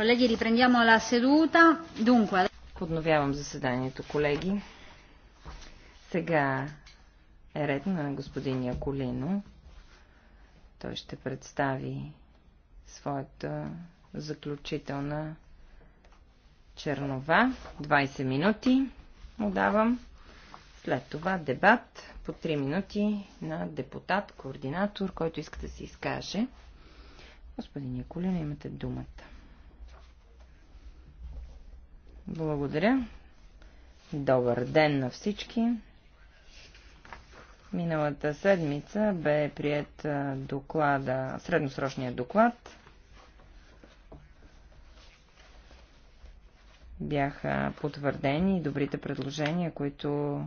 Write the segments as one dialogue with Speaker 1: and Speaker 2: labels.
Speaker 1: Колеги, riprendiamo la seduta. Dunque...
Speaker 2: Подновявам заседанието, колеги. Сега е ред на господин Яколино. Той ще представи своята заключителна чернова. 20 минути му давам. След това дебат по 3 минути на депутат, координатор, който иска да се изкаже. Господин Яколино, имате думата. Благодаря. Добър ден на всички. Миналата седмица бе прият доклада, средносрочния доклад. Бяха потвърдени добрите предложения, които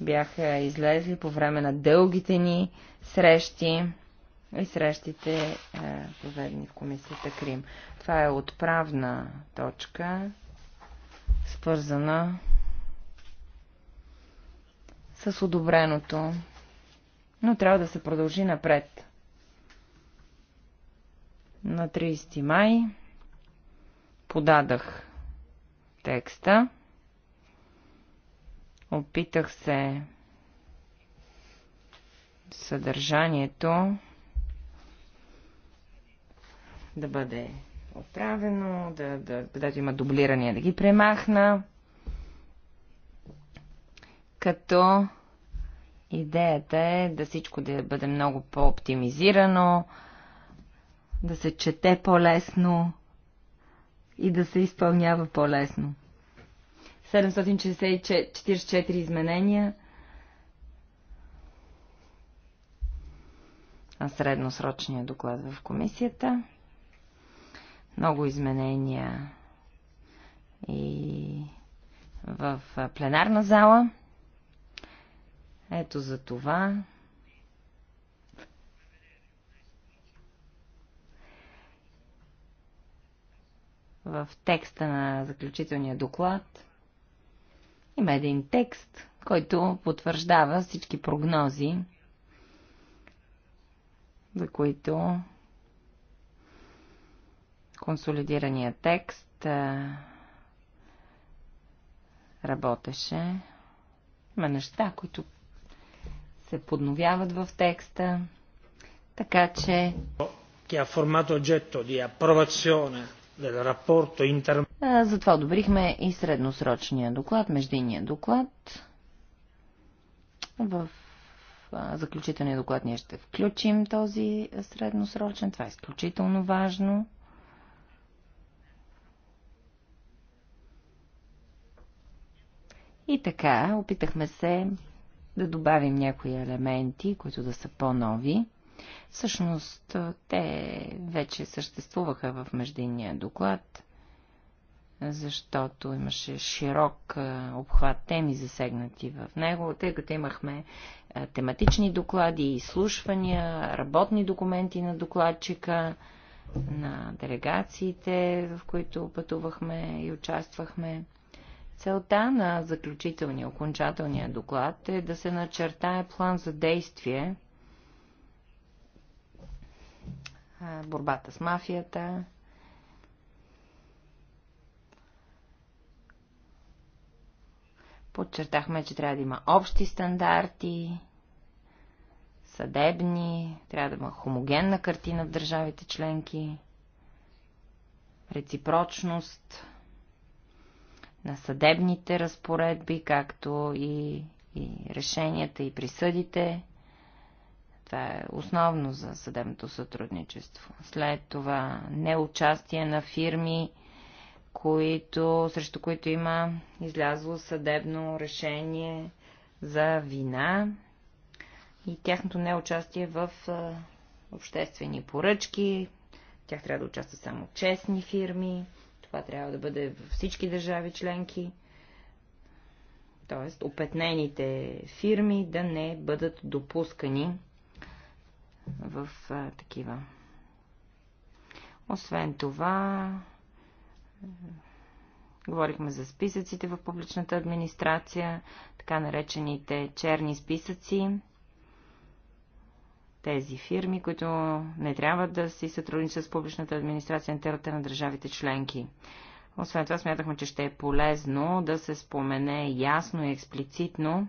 Speaker 2: бяха излезли по време на дългите ни срещи и срещите, поведени в комисията Крим. Това е отправна точка свързана с одобреното, но трябва да се продължи напред. На 30 май подадах текста, опитах се съдържанието да бъде оправено, да, да, където има дублирания, да ги премахна. Като идеята е да всичко да бъде много по-оптимизирано, да се чете по-лесно и да се изпълнява по-лесно. 744 изменения. на средносрочния доклад в комисията много изменения и в пленарна зала. Ето за това. В текста на заключителния доклад има един текст, който потвърждава всички прогнози, за които Консолидирания текст работеше. Има неща, които се подновяват в текста, така че...
Speaker 1: Che ha formato oggetto di approvazione del rapporto inter...
Speaker 2: Затова одобрихме и средносрочния доклад, междинния доклад. В заключителния доклад ние ще включим този средносрочен. Това е изключително важно. И така, опитахме се да добавим някои елементи, които да са по-нови. Всъщност, те вече съществуваха в междинния доклад, защото имаше широк обхват теми засегнати в него, тъй като имахме тематични доклади, изслушвания, работни документи на докладчика, на делегациите, в които пътувахме и участвахме. Целта на заключителния, окончателния доклад е да се начертае план за действие, борбата с мафията, Подчертахме, че трябва да има общи стандарти, съдебни, трябва да има хомогенна картина в държавите членки, реципрочност – на съдебните разпоредби, както и, и решенията и присъдите. Това е основно за съдебното сътрудничество. След това неучастие на фирми, които, срещу които има излязло съдебно решение за вина и тяхното неучастие в обществени поръчки. Тях трябва да участват само честни фирми. Това трябва да бъде във всички държави членки. т.е. опетнените фирми да не бъдат допускани в а, такива. Освен това, говорихме за списъците в публичната администрация, така наречените черни списъци тези фирми, които не трябва да си сътрудничат с публичната администрация на терата на държавите членки. Освен това, смятахме, че ще е полезно да се спомене ясно и експлицитно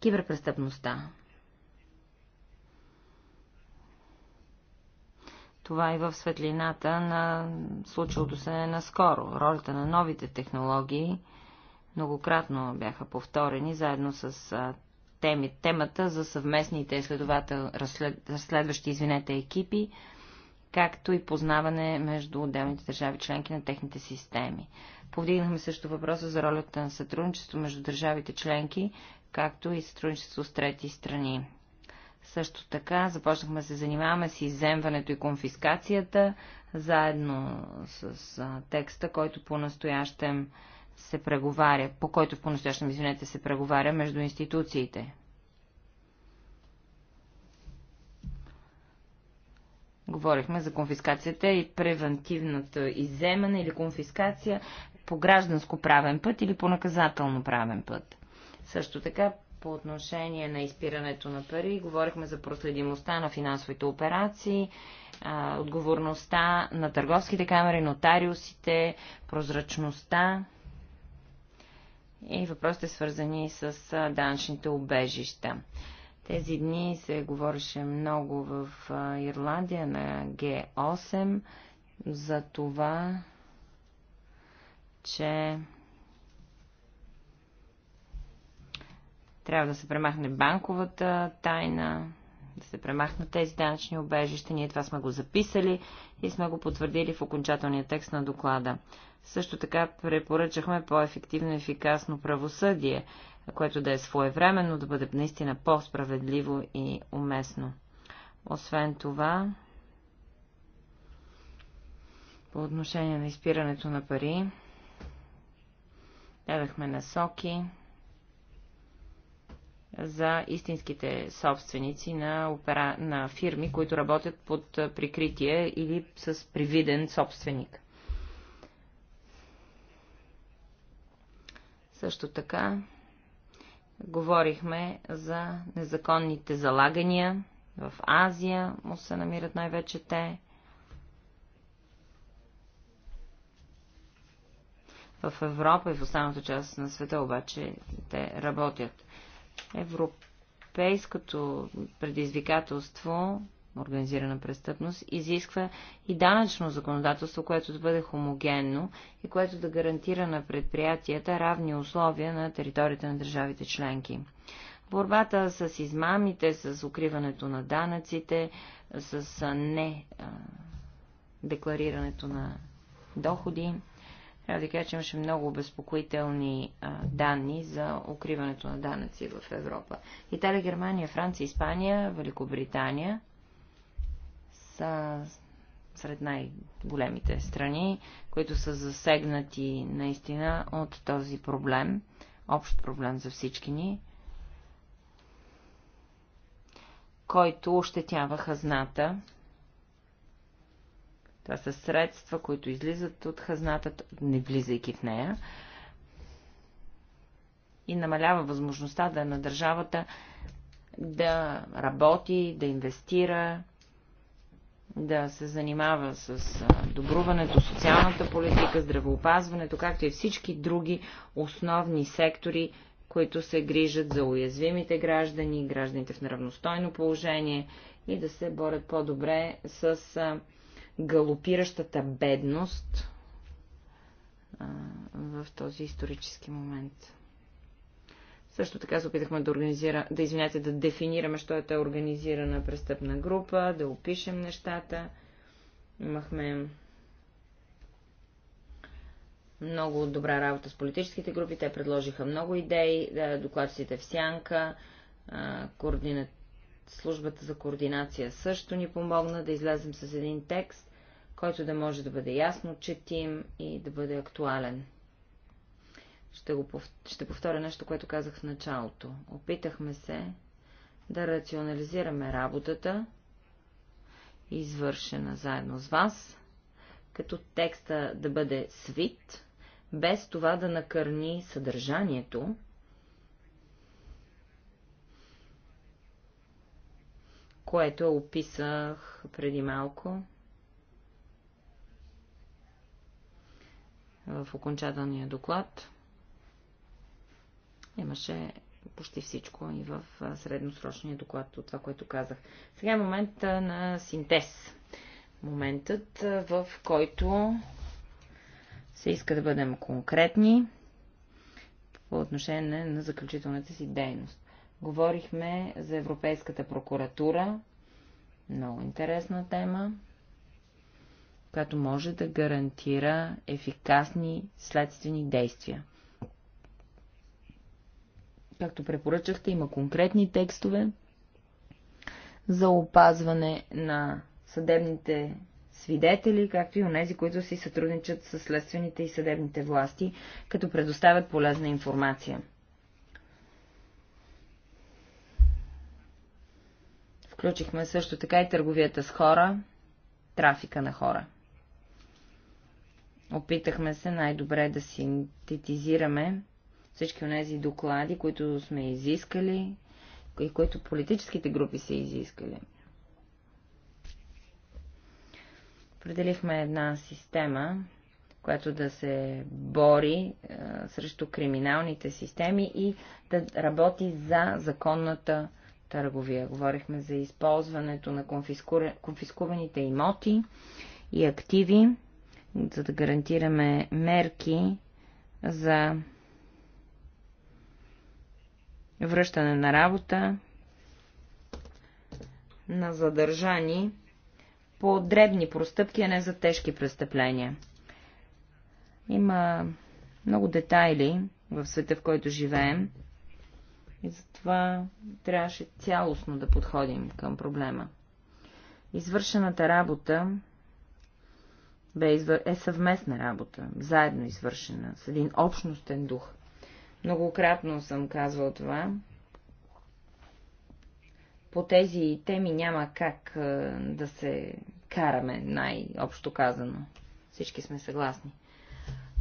Speaker 2: киберпрестъпността. Това и в светлината на случилото се наскоро. Ролята на новите технологии многократно бяха повторени, заедно с теми. Темата за съвместните изследовател, разслед, разследващи извинете, екипи, както и познаване между отделните държави членки на техните системи. Повдигнахме също въпроса за ролята на сътрудничество между държавите членки, както и сътрудничество с трети страни. Също така започнахме да се занимаваме с иземването и конфискацията, заедно с а, текста, който по-настоящем се преговаря, по който в понастоящем, извинете, се преговаря между институциите. Говорихме за конфискацията и превентивната иземане или конфискация по гражданско правен път или по наказателно правен път. Също така, по отношение на изпирането на пари, говорихме за проследимостта на финансовите операции, отговорността на търговските камери, нотариусите, прозрачността и въпросите свързани с данъчните убежища. Тези дни се говореше много в Ирландия на Г8 за това, че трябва да се премахне банковата тайна, да се премахнат тези данъчни обежища. Ние това сме го записали и сме го потвърдили в окончателния текст на доклада. Също така препоръчахме по-ефективно и ефикасно правосъдие, което да е своевременно, да бъде наистина по-справедливо и уместно. Освен това, по отношение на изпирането на пари, дадахме насоки за истинските собственици на, опера... на фирми, които работят под прикритие или с привиден собственик. Също така говорихме за незаконните залагания в Азия, му се намират най-вече те. В Европа и в останалата част на света обаче те работят. Европейското предизвикателство, организирана престъпност, изисква и данъчно законодателство, което да бъде хомогенно и което да гарантира на предприятията равни условия на територията на държавите членки. Борбата с измамите, с укриването на данъците, с не декларирането на доходи трябва да кажа, че имаше много обезпокоителни а, данни за укриването на данъци в Европа. Италия, Германия, Франция, Испания, Великобритания са сред най-големите страни, които са засегнати наистина от този проблем, общ проблем за всички ни, който ощетява хазната това са средства, които излизат от хазната, не влизайки в нея. И намалява възможността да е на държавата да работи, да инвестира, да се занимава с добруването, социалната политика, здравеопазването, както и всички други основни сектори, които се грижат за уязвимите граждани, гражданите в неравностойно положение и да се борят по-добре с галопиращата бедност в този исторически момент. Също така се опитахме да, организира, да, извинете, да дефинираме, що е тази организирана престъпна група, да опишем нещата. Имахме много добра работа с политическите групи, те предложиха много идеи, докладците в сянка, координа... службата за координация също ни помогна да излезем с един текст, който да може да бъде ясно четим и да бъде актуален. Ще, го пов... ще повторя нещо, което казах в началото. Опитахме се да рационализираме работата, извършена заедно с вас, като текста да бъде свит, без това да накърни съдържанието, което описах преди малко в окончателния доклад имаше почти всичко и в средносрочния доклад от това, което казах. Сега е момент на синтез. Моментът, в който се иска да бъдем конкретни по отношение на заключителната си дейност. Говорихме за Европейската прокуратура. Много интересна тема която може да гарантира ефикасни следствени действия. Както препоръчахте, има конкретни текстове за опазване на съдебните свидетели, както и онези, които си сътрудничат с следствените и съдебните власти, като предоставят полезна информация. Включихме също така и търговията с хора, трафика на хора. Опитахме се най-добре да синтетизираме всички от тези доклади, които сме изискали и които политическите групи са изискали. Определихме една система, която да се бори а, е, срещу криминалните системи и да работи за законната търговия. Говорихме за използването на конфискуваните имоти и активи за да гарантираме мерки за връщане на работа на задържани по дребни простъпки, а не за тежки престъпления. Има много детайли в света, в който живеем, и затова трябваше цялостно да подходим към проблема. Извършената работа бе е съвместна работа, заедно извършена, с един общностен дух. Многократно съм казвал това. По тези теми няма как да се караме, най-общо казано. Всички сме съгласни.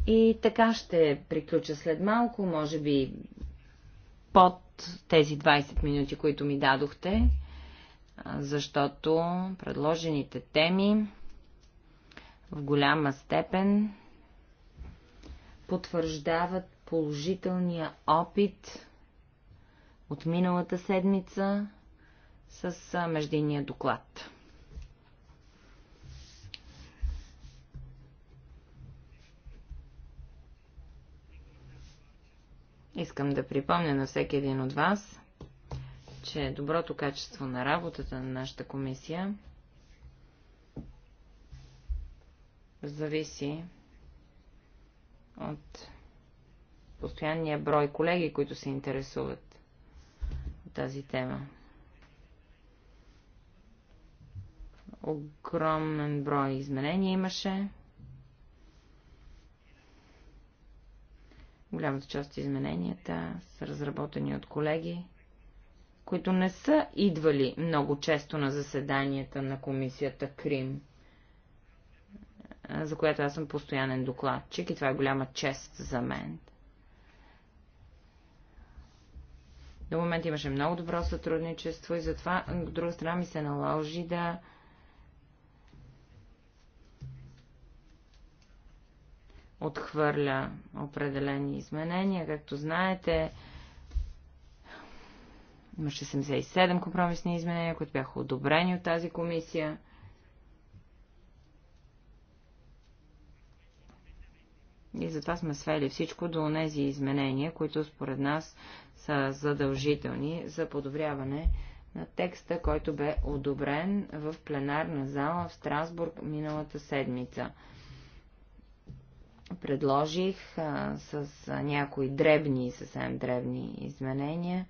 Speaker 2: И така ще приключа след малко, може би под тези 20 минути, които ми дадохте, защото предложените теми в голяма степен потвърждават положителния опит от миналата седмица с междинния доклад. Искам да припомня на всеки един от вас, че доброто качество на работата на нашата комисия зависи от постоянния брой колеги, които се интересуват от тази тема. Огромен брой изменения имаше. Голямата част от измененията са разработени от колеги, които не са идвали много често на заседанията на комисията Крим – за която аз съм постоянен докладчик и това е голяма чест за мен. До момента имаше много добро сътрудничество и затова, от друга страна, ми се наложи да отхвърля определени изменения. Както знаете, имаше 77 компромисни изменения, които бяха одобрени от тази комисия. И затова сме свели всичко до тези изменения, които според нас са задължителни за подобряване на текста, който бе одобрен в пленарна зала в Страсбург миналата седмица. Предложих а, с а, някои дребни, съвсем дребни изменения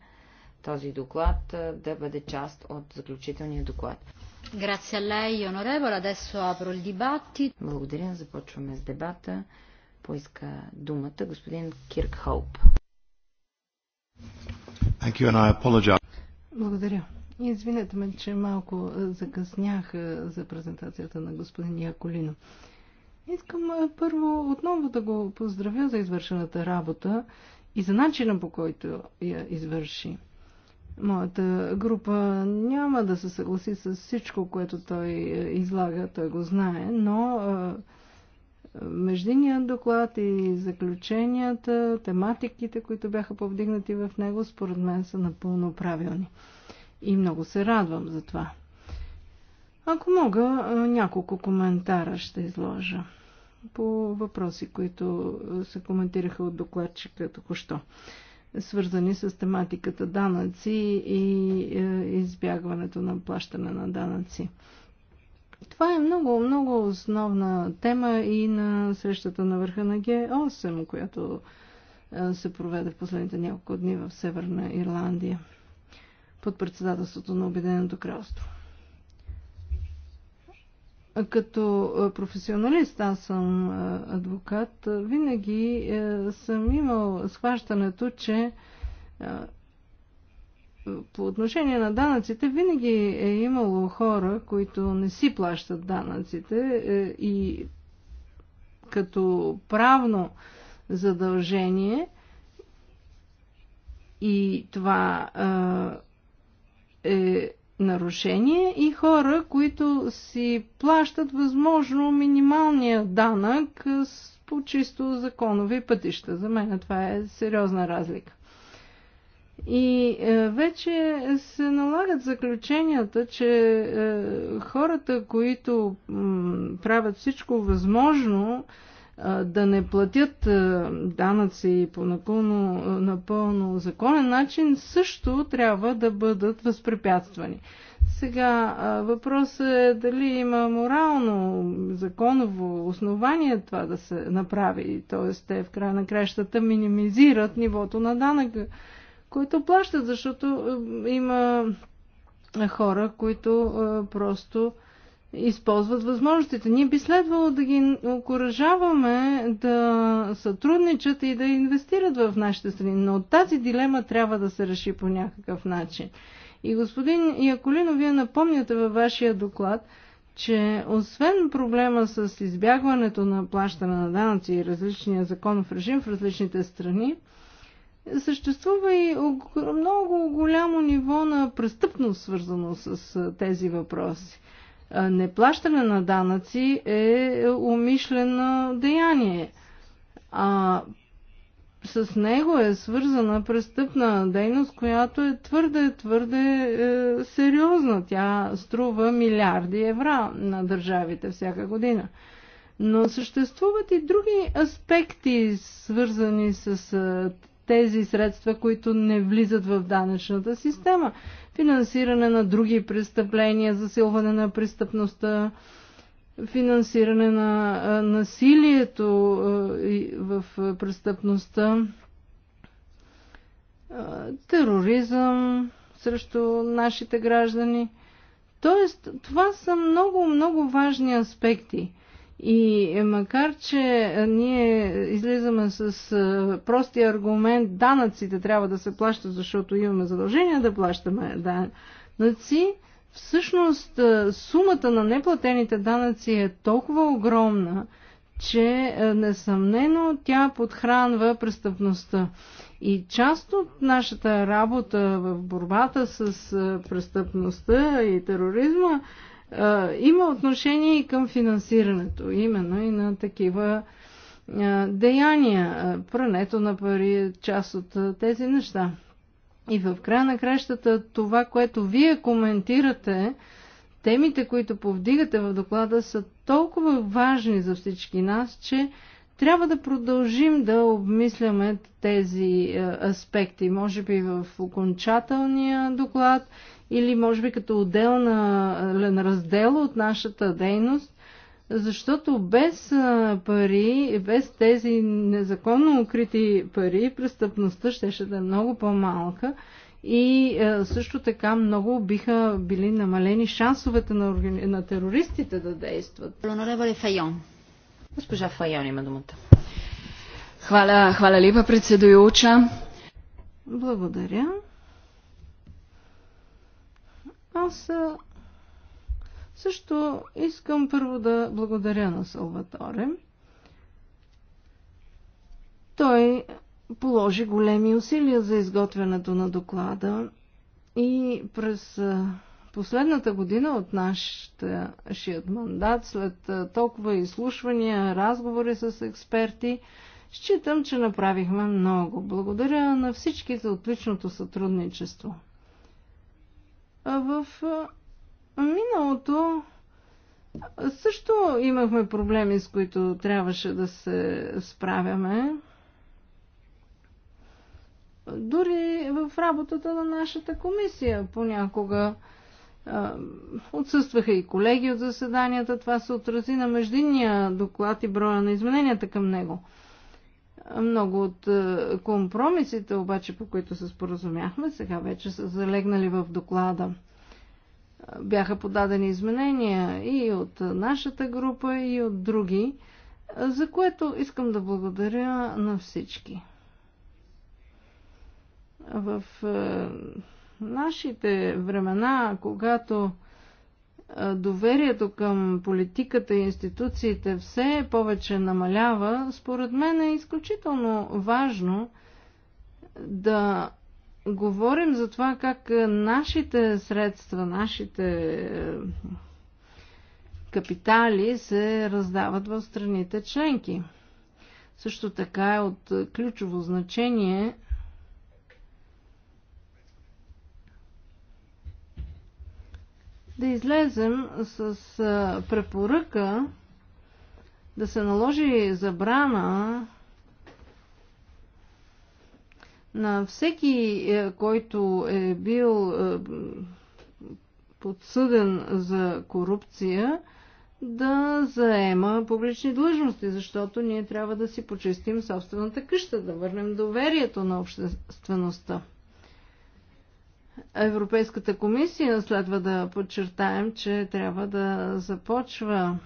Speaker 2: този доклад а, да бъде част от заключителния доклад.
Speaker 1: Grazie a lei, onorevole.
Speaker 2: Adesso apro il dibattito. Благодаря. Започваме с дебата поиска думата господин Кирк Хоуп.
Speaker 1: Благодаря. Извинете ме, че малко закъснях за презентацията на господин Яколино. Искам първо отново да го поздравя за извършената работа и за начина по който я извърши. Моята група няма да се съгласи с всичко, което той излага, той го знае, но Междиният доклад и заключенията, тематиките, които бяха повдигнати в него, според мен са напълно правилни. И много се радвам за това. Ако мога, няколко коментара ще изложа по въпроси, които се коментираха от докладчика току-що, свързани с тематиката данъци и е, избягването на плащане на данъци. Това е много, много основна тема и на срещата на върха на Г8, която се проведе в последните няколко дни в Северна Ирландия под председателството на Обединеното кралство. Като професионалист, аз съм адвокат, винаги съм имал схващането, че по отношение на данъците винаги е имало хора, които не си плащат данъците е, и като правно задължение и това е нарушение и хора, които си плащат възможно минималния данък по чисто законови пътища. За мен това е сериозна разлика. И е, вече се налагат заключенията, че е, хората, които правят всичко възможно е, да не платят данъци по напълно, напълно законен начин, също трябва да бъдат възпрепятствани. Сега въпросът е дали има морално, законово основание това да се направи. Тоест, те в края на кращата минимизират нивото на данъка които плащат, защото има хора, които просто използват възможностите. Ние би следвало да ги окоръжаваме да сътрудничат и да инвестират в нашите страни, но тази дилема трябва да се реши по някакъв начин. И господин Яколино, вие напомняте във вашия доклад, че освен проблема с избягването на плащане на данъци и различния законов режим в различните страни, Съществува и много голямо ниво на престъпност, свързано с тези въпроси. Неплащане на данъци е умишлено деяние, а с него е свързана престъпна дейност, която е твърде, твърде е, сериозна. Тя струва милиарди евра на държавите всяка година. Но съществуват и други аспекти, свързани с тези средства, които не влизат в данъчната система. Финансиране на други престъпления, засилване на престъпността, финансиране на насилието в престъпността, тероризъм срещу нашите граждани. Тоест, това са много, много важни аспекти – и макар, че ние излизаме с простия аргумент, данъците трябва да се плащат, защото имаме задължение да плащаме данъци, всъщност сумата на неплатените данъци е толкова огромна, че несъмнено тя подхранва престъпността. И част от нашата работа в борбата с престъпността и тероризма има отношение и към финансирането, именно и на такива деяния, прането на пари, е част от тези неща. И в края на кращата това, което вие коментирате, темите, които повдигате в доклада, са толкова важни за всички нас, че трябва да продължим да обмисляме тези аспекти. Може би в окончателния доклад или може би като отдел на е, на раздел от нашата дейност, защото без е, пари, без тези незаконно укрити пари, престъпността ще, ще да е много по-малка и е, също така много биха били намалени шансовете на, органи... на терористите да действат. Госпожа Файон има думата. Хвала, хвала лепа, председуюча. Благодаря. Аз също искам първо да благодаря на Салваторе. Той положи големи усилия за изготвянето на доклада и през последната година от нашия мандат, след толкова изслушвания, разговори с експерти, считам, че направихме много. Благодаря на всички за отличното сътрудничество. В миналото също имахме проблеми, с които трябваше да се справяме. Дори в работата на нашата комисия понякога отсъстваха и колеги от заседанията. Това се отрази на междинния доклад и броя на измененията към него. Много от е, компромисите, обаче, по които се споразумяхме, сега вече са залегнали в доклада. Бяха подадени изменения и от нашата група, и от други, за което искам да благодаря на всички. В е, нашите времена, когато доверието към политиката и институциите все повече намалява, според мен е изключително важно да говорим за това как нашите средства, нашите е, капитали се раздават в страните членки. Също така е от ключово значение да излезем с препоръка да се наложи забрана на всеки, е, който е бил е, подсъден за корупция, да заема публични длъжности, защото ние трябва да си почистим собствената къща, да върнем доверието на обществеността. Европейската комисия следва да подчертаем, че трябва да започва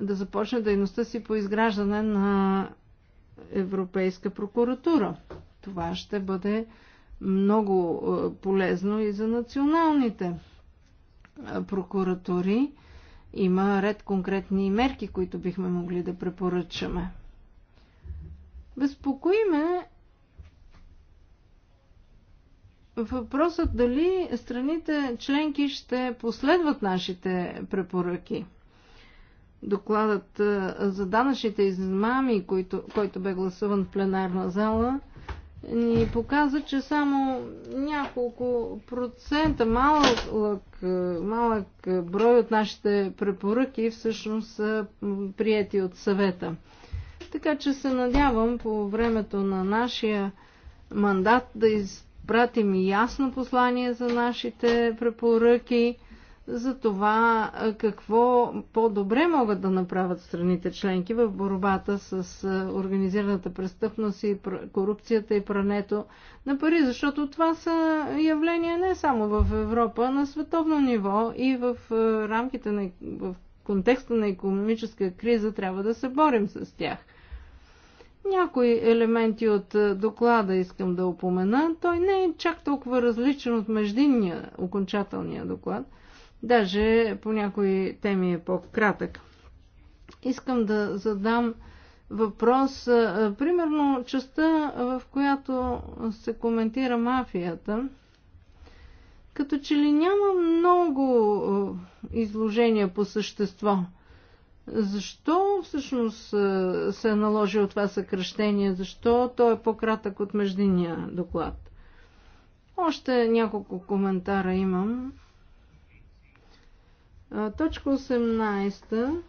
Speaker 1: да започне дейността си по изграждане на Европейска прокуратура. Това ще бъде много е, полезно и за националните е, прокуратури. Има ред конкретни мерки, които бихме могли да препоръчаме. Безпокоиме въпросът дали страните членки ще последват нашите препоръки. Докладът е, за данъчните измами, който, който бе гласуван в пленарна зала, ни показа, че само няколко процента, малък, е, малък брой от нашите препоръки всъщност са прияти от съвета. Така че се надявам по времето на нашия мандат да из изпратим ясно послание за нашите препоръки, за това какво по-добре могат да направят страните членки в борбата с организираната престъпност и корупцията и прането на пари, защото това са явления не само в Европа, а на световно ниво и в рамките на, в контекста на економическа криза трябва да се борим с тях – някои елементи от е, доклада искам да упомена. Той не е чак толкова различен от междинния окончателния доклад. Даже по някои теми е по-кратък. Искам да задам въпрос, е, примерно частта, е, в която се коментира мафията, като че ли няма много изложения по същество – защо всъщност е, се е наложило това съкръщение? Защо то е по-кратък от междиния доклад? Още няколко коментара имам. Точка 18,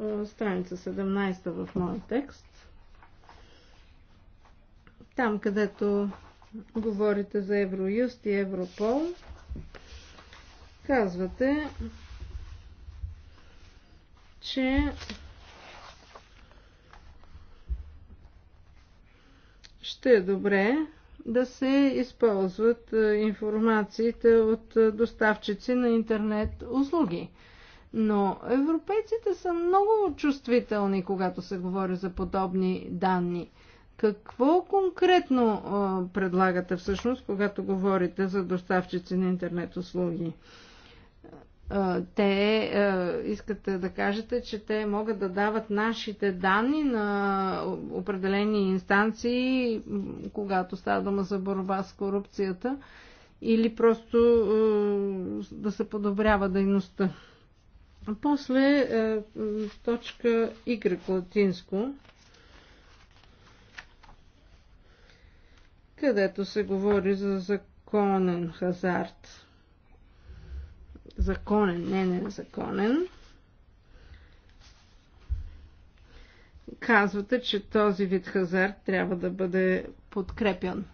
Speaker 1: е, страница 17 в моя текст. Там, където говорите за Евроюст и Европол, казвате, че ще е добре да се използват е, информациите от е, доставчици на интернет услуги. Но европейците са много чувствителни, когато се говори за подобни данни. Какво конкретно е, предлагате всъщност, когато говорите за доставчици на интернет услуги? Е, те е, искат да кажете, че те могат да дават нашите данни на определени инстанции, когато става дума за борба с корупцията, или просто е, да се подобрява дейността. После точка Y латинско, където се говори за законен хазарт законен, не незаконен. Казвате, че този вид хазарт трябва да бъде подкрепен.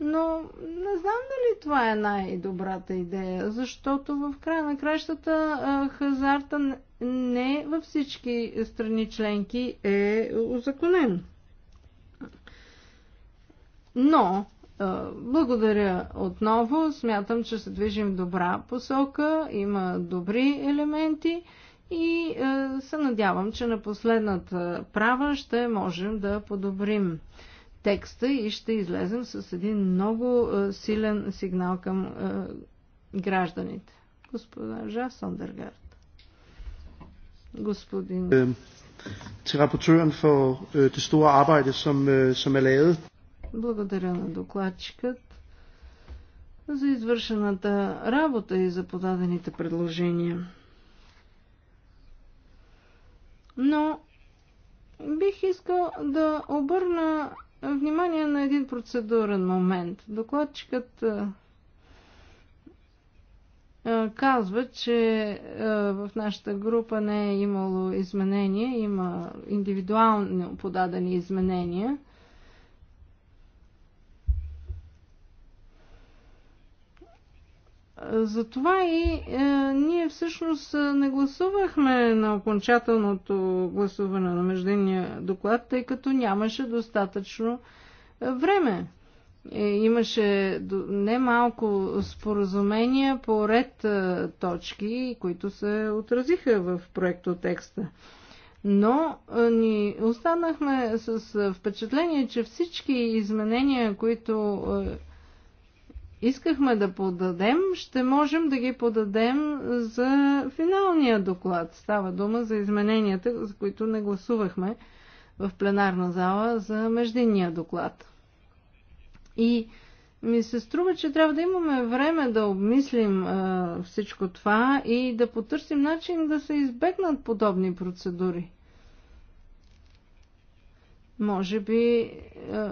Speaker 1: Но не знам дали това е най-добрата идея, защото в края на кращата хазарта не във всички страни членки е узаконен. Но благодаря отново. Смятам, че се движим в добра посока. Има добри елементи и се надявам, че на последната права ще можем да подобрим текста и ще излезем с един много силен сигнал към гражданите. Госпожа Сондергард. Господин. Е,
Speaker 3: til rapportøren for е, det store arbejde, som, е, som er lavet.
Speaker 1: Благодаря на докладчикът за извършената работа и за подадените предложения. Но бих искал да обърна внимание на един процедурен момент. Докладчикът е, е, казва, че е, в нашата група не е имало изменения, има индивидуално подадени изменения – Затова и е, ние всъщност е, не гласувахме на окончателното гласуване на междинния доклад, тъй като нямаше достатъчно е, време. Е, имаше немалко споразумения по ред е, точки, които се отразиха в проекто текста. Но е, ни останахме с е, впечатление, че всички изменения, които. Е, искахме да подадем, ще можем да ги подадем за финалния доклад. Става дума за измененията, за които не гласувахме в пленарна зала за междинния доклад. И ми се струва, че трябва да имаме време да обмислим а, всичко това и да потърсим начин да се избегнат подобни процедури. Може би. А,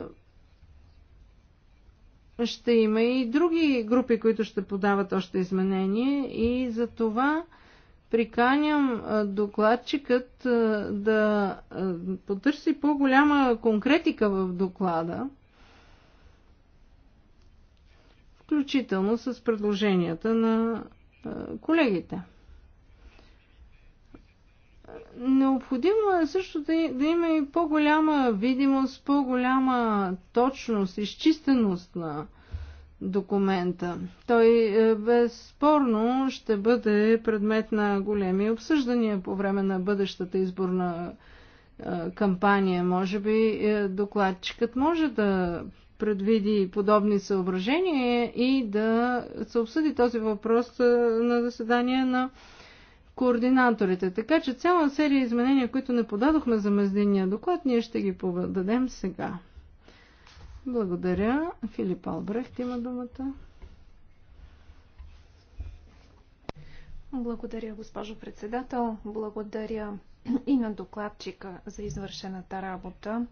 Speaker 1: ще има и други групи, които ще подават още изменения и за това приканям докладчикът да потърси по-голяма конкретика в доклада, включително с предложенията на колегите. Необходимо е също да, да има и по-голяма видимост, по-голяма точност, изчистеност на документа. Той е, безспорно ще бъде предмет на големи обсъждания по време на бъдещата изборна е, кампания. Може би е, докладчикът може да предвиди подобни съображения и да се обсъди този въпрос на заседание на координаторите. Така че цяла серия изменения, които не подадохме за мездения доклад, ние ще ги подадем сега. Благодаря. Филип Албрехт има думата.
Speaker 3: Благодаря, госпожо председател. Благодаря и на докладчика за извършената работа.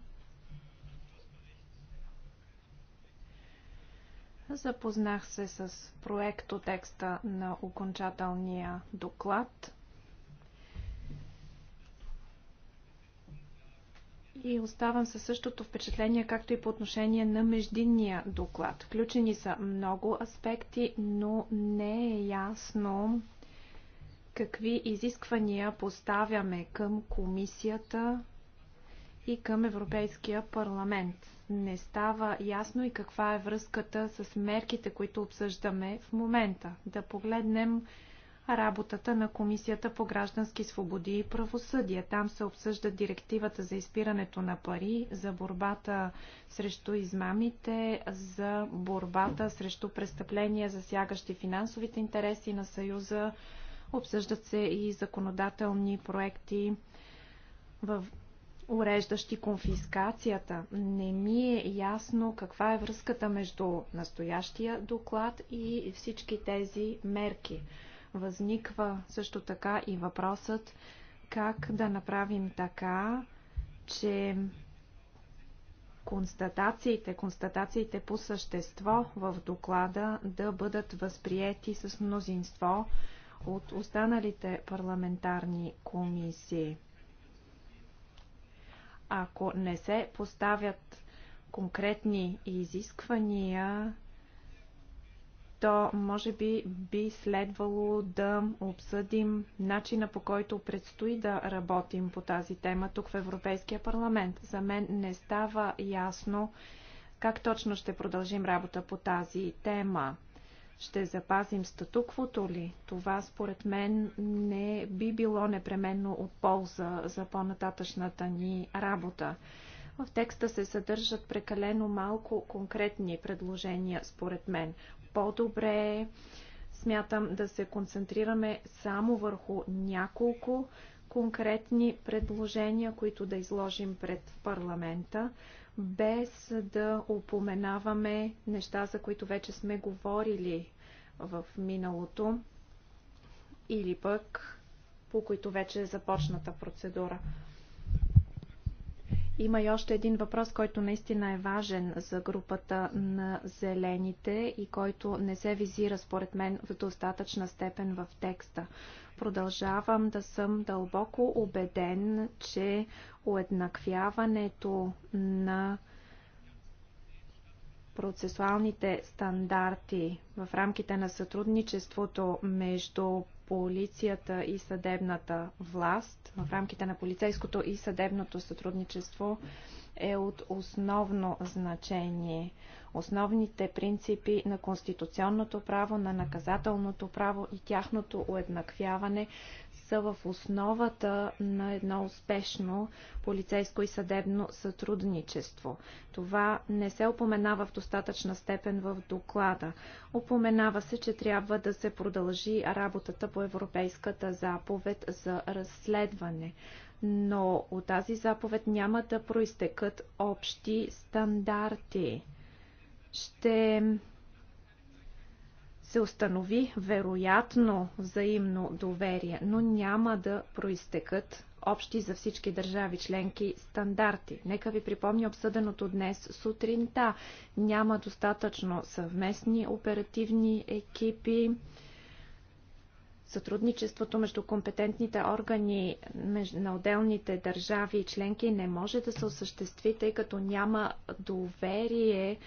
Speaker 3: Запознах се с проекто текста на окончателния доклад. И оставам със същото впечатление, както и по отношение на междинния доклад. Включени са много аспекти, но не е ясно какви изисквания поставяме към комисията, и към Европейския парламент. Не става ясно и каква е връзката с мерките, които обсъждаме в момента. Да погледнем работата на Комисията по граждански свободи и правосъдие. Там се обсъжда директивата за изпирането на пари, за борбата срещу измамите, за борбата срещу престъпления, засягащи финансовите интереси на Съюза. Обсъждат се и законодателни проекти в уреждащи конфискацията. Не ми е ясно каква е връзката между настоящия доклад и всички тези мерки. Възниква също така и въпросът как да направим така, че констатациите, констатациите по същество в доклада да бъдат възприети с мнозинство от останалите парламентарни комисии. Ако не се поставят конкретни изисквания, то може би би следвало да обсъдим начина по който предстои да работим по тази тема тук в Европейския парламент. За мен не става ясно как точно ще продължим работа по тази тема. Ще запазим статуквото ли? Това според мен не би било непременно от полза за по-нататъчната ни работа. В текста се съдържат прекалено малко конкретни предложения, според мен. По-добре смятам да се концентрираме само върху няколко конкретни предложения, които да изложим пред парламента без да упоменаваме неща, за които вече сме говорили в миналото или пък по които вече е започната процедура. Има и още един въпрос, който наистина е важен за групата на зелените и който не се визира, според мен, в достатъчна степен в текста. Продължавам да съм дълбоко убеден, че уеднаквяването на процесуалните стандарти в рамките на сътрудничеството между полицията и съдебната власт, в рамките на полицейското и съдебното сътрудничество е от основно значение основните принципи на конституционното право, на наказателното право и тяхното уеднаквяване са в основата на едно успешно полицейско и съдебно сътрудничество. Това не се опоменава в достатъчна степен в доклада. Опоменава се, че трябва да се продължи работата по Европейската заповед за разследване но от тази заповед няма да проистекат общи стандарти ще се установи вероятно взаимно доверие, но няма да проистекат общи за всички държави членки стандарти. Нека ви припомня обсъденото днес сутринта. Няма достатъчно съвместни оперативни екипи. Сътрудничеството между компетентните органи на отделните държави и членки не може да се осъществи, тъй като няма доверие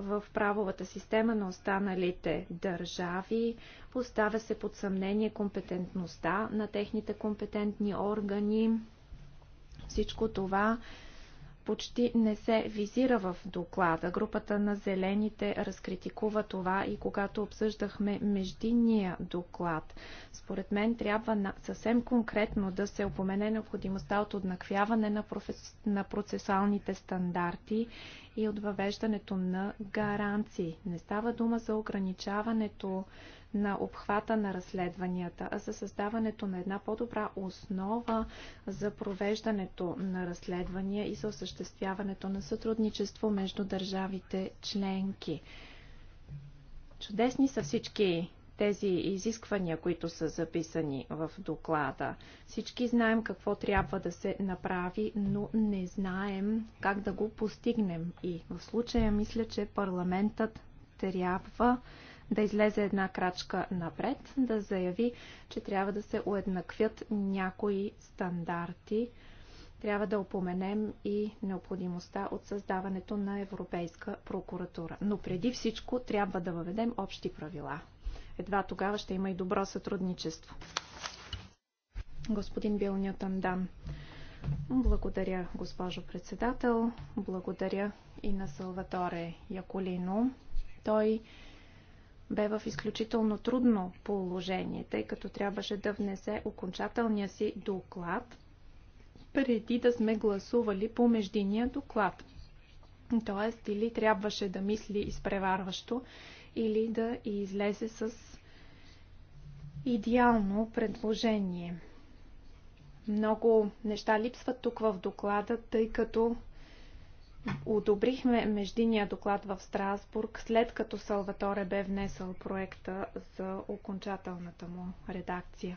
Speaker 3: в правовата система на останалите държави. Поставя се под съмнение компетентността на техните компетентни органи. Всичко това почти не се визира в доклада. Групата на зелените разкритикува това и когато обсъждахме междинния доклад. Според мен трябва на, съвсем конкретно да се опомене необходимостта от однаквяване на, професс, на процесуалните стандарти и от въвеждането на гаранции. Не става дума за ограничаването на обхвата на разследванията, а за създаването на една по-добра основа за провеждането на разследвания и за осъществяването на сътрудничество между държавите членки. Чудесни са всички тези изисквания, които са записани в доклада. Всички знаем какво трябва да се направи, но не знаем как да го постигнем. И в случая мисля, че парламентът трябва да излезе една крачка напред, да заяви, че трябва да се уеднаквят някои стандарти. Трябва да опоменем и необходимостта от създаването на Европейска прокуратура. Но преди всичко трябва да въведем общи правила. Едва тогава ще има и добро сътрудничество. Господин Бил Нютън Дан. Благодаря, госпожо председател. Благодаря и на Салваторе Яколино. Той бе в изключително трудно положение, тъй като трябваше да внесе окончателния си доклад преди да сме гласували по междиния доклад. Тоест, или трябваше да мисли изпреварващо, или да излезе с идеално предложение. Много неща липсват тук в доклада, тъй като одобрихме междиния доклад в Страсбург, след като Салваторе бе внесъл проекта за окончателната му редакция.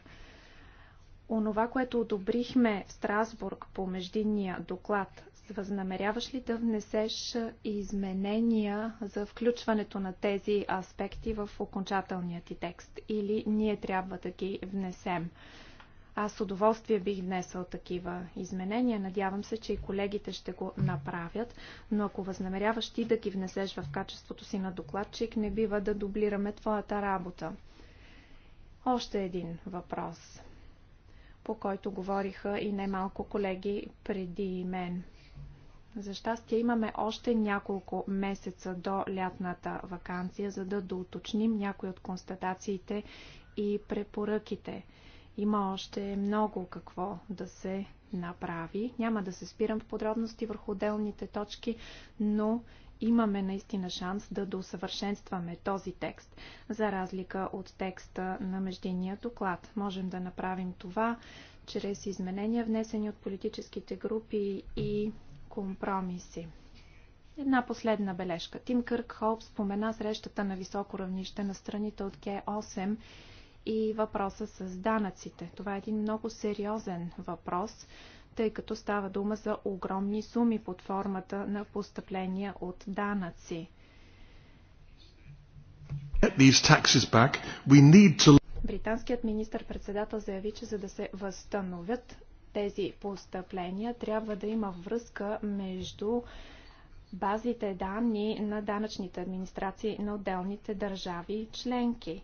Speaker 3: Онова, което одобрихме в Страсбург по междинния доклад, възнамеряваш ли да внесеш изменения за включването на тези аспекти в окончателния ти текст или ние трябва да ги внесем? Аз с удоволствие бих внесъл такива изменения. Надявам се, че и колегите ще го направят, но ако възнамеряваш ти да ги внесеш в качеството си на докладчик, не бива да дублираме твоята работа. Още един въпрос, по който говориха и немалко колеги преди мен. За щастие имаме още няколко месеца до лятната вакансия, за да доуточним някои от констатациите и препоръките – има още много какво да се направи. Няма да се спирам в подробности върху отделните точки, но имаме наистина шанс да досъвършенстваме този текст, за разлика от текста на междинния доклад. Можем да направим това чрез изменения, внесени от политическите групи и компромиси. Една последна бележка. Тим Кърк Холб спомена срещата на високо равнище на страните от Г8 и въпроса с данъците. Това е един много сериозен въпрос, тъй като става дума за огромни суми под формата на постъпления от данъци. Британският министр-председател заяви, че за да се възстановят тези постъпления, трябва да има връзка между базите данни на данъчните администрации на отделните държави членки.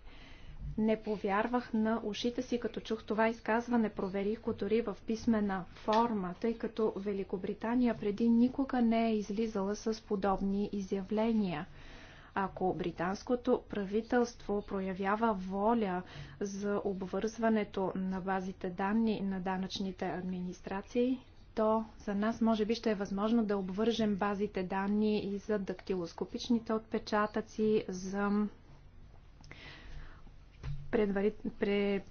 Speaker 3: Не повярвах на ушите си, като чух това изказване, проверих го дори в писмена форма, тъй като Великобритания преди никога не е излизала с подобни изявления ако британското правителство проявява воля за обвързването на базите данни на данъчните администрации, то за нас може би ще е възможно да обвържем базите данни и за дактилоскопичните отпечатъци, за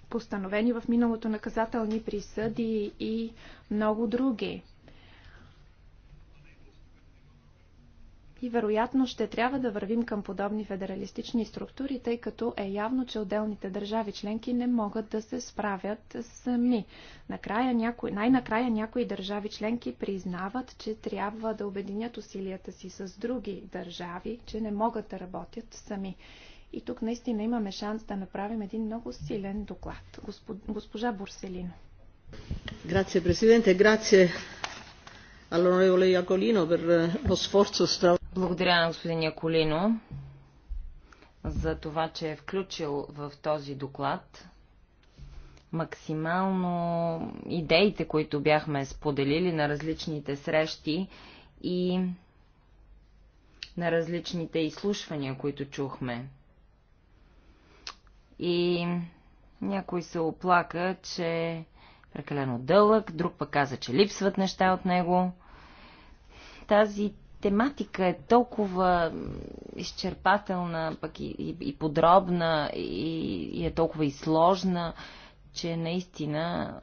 Speaker 3: постановени в миналото наказателни присъди и много други. И вероятно ще трябва да вървим към подобни федералистични структури, тъй като е явно, че отделните държави членки не могат да се справят сами. Накрая някои, най-накрая някои държави членки признават, че трябва да обединят усилията си с други държави, че не могат да работят сами. И тук наистина имаме шанс да направим един много силен доклад. Госпожа Борселино.
Speaker 1: Grazie Presidente, grazie
Speaker 2: all'onorevole Iacolino per lo sforzo Благодаря на господин Яколино за това, че е включил в този доклад максимално идеите, които бяхме споделили на различните срещи и на различните изслушвания, които чухме и някой се оплака, че е прекалено дълъг, друг пък каза, че липсват неща от него. Тази тематика е толкова изчерпателна, пък и, и, и подробна, и, и е толкова и сложна, че наистина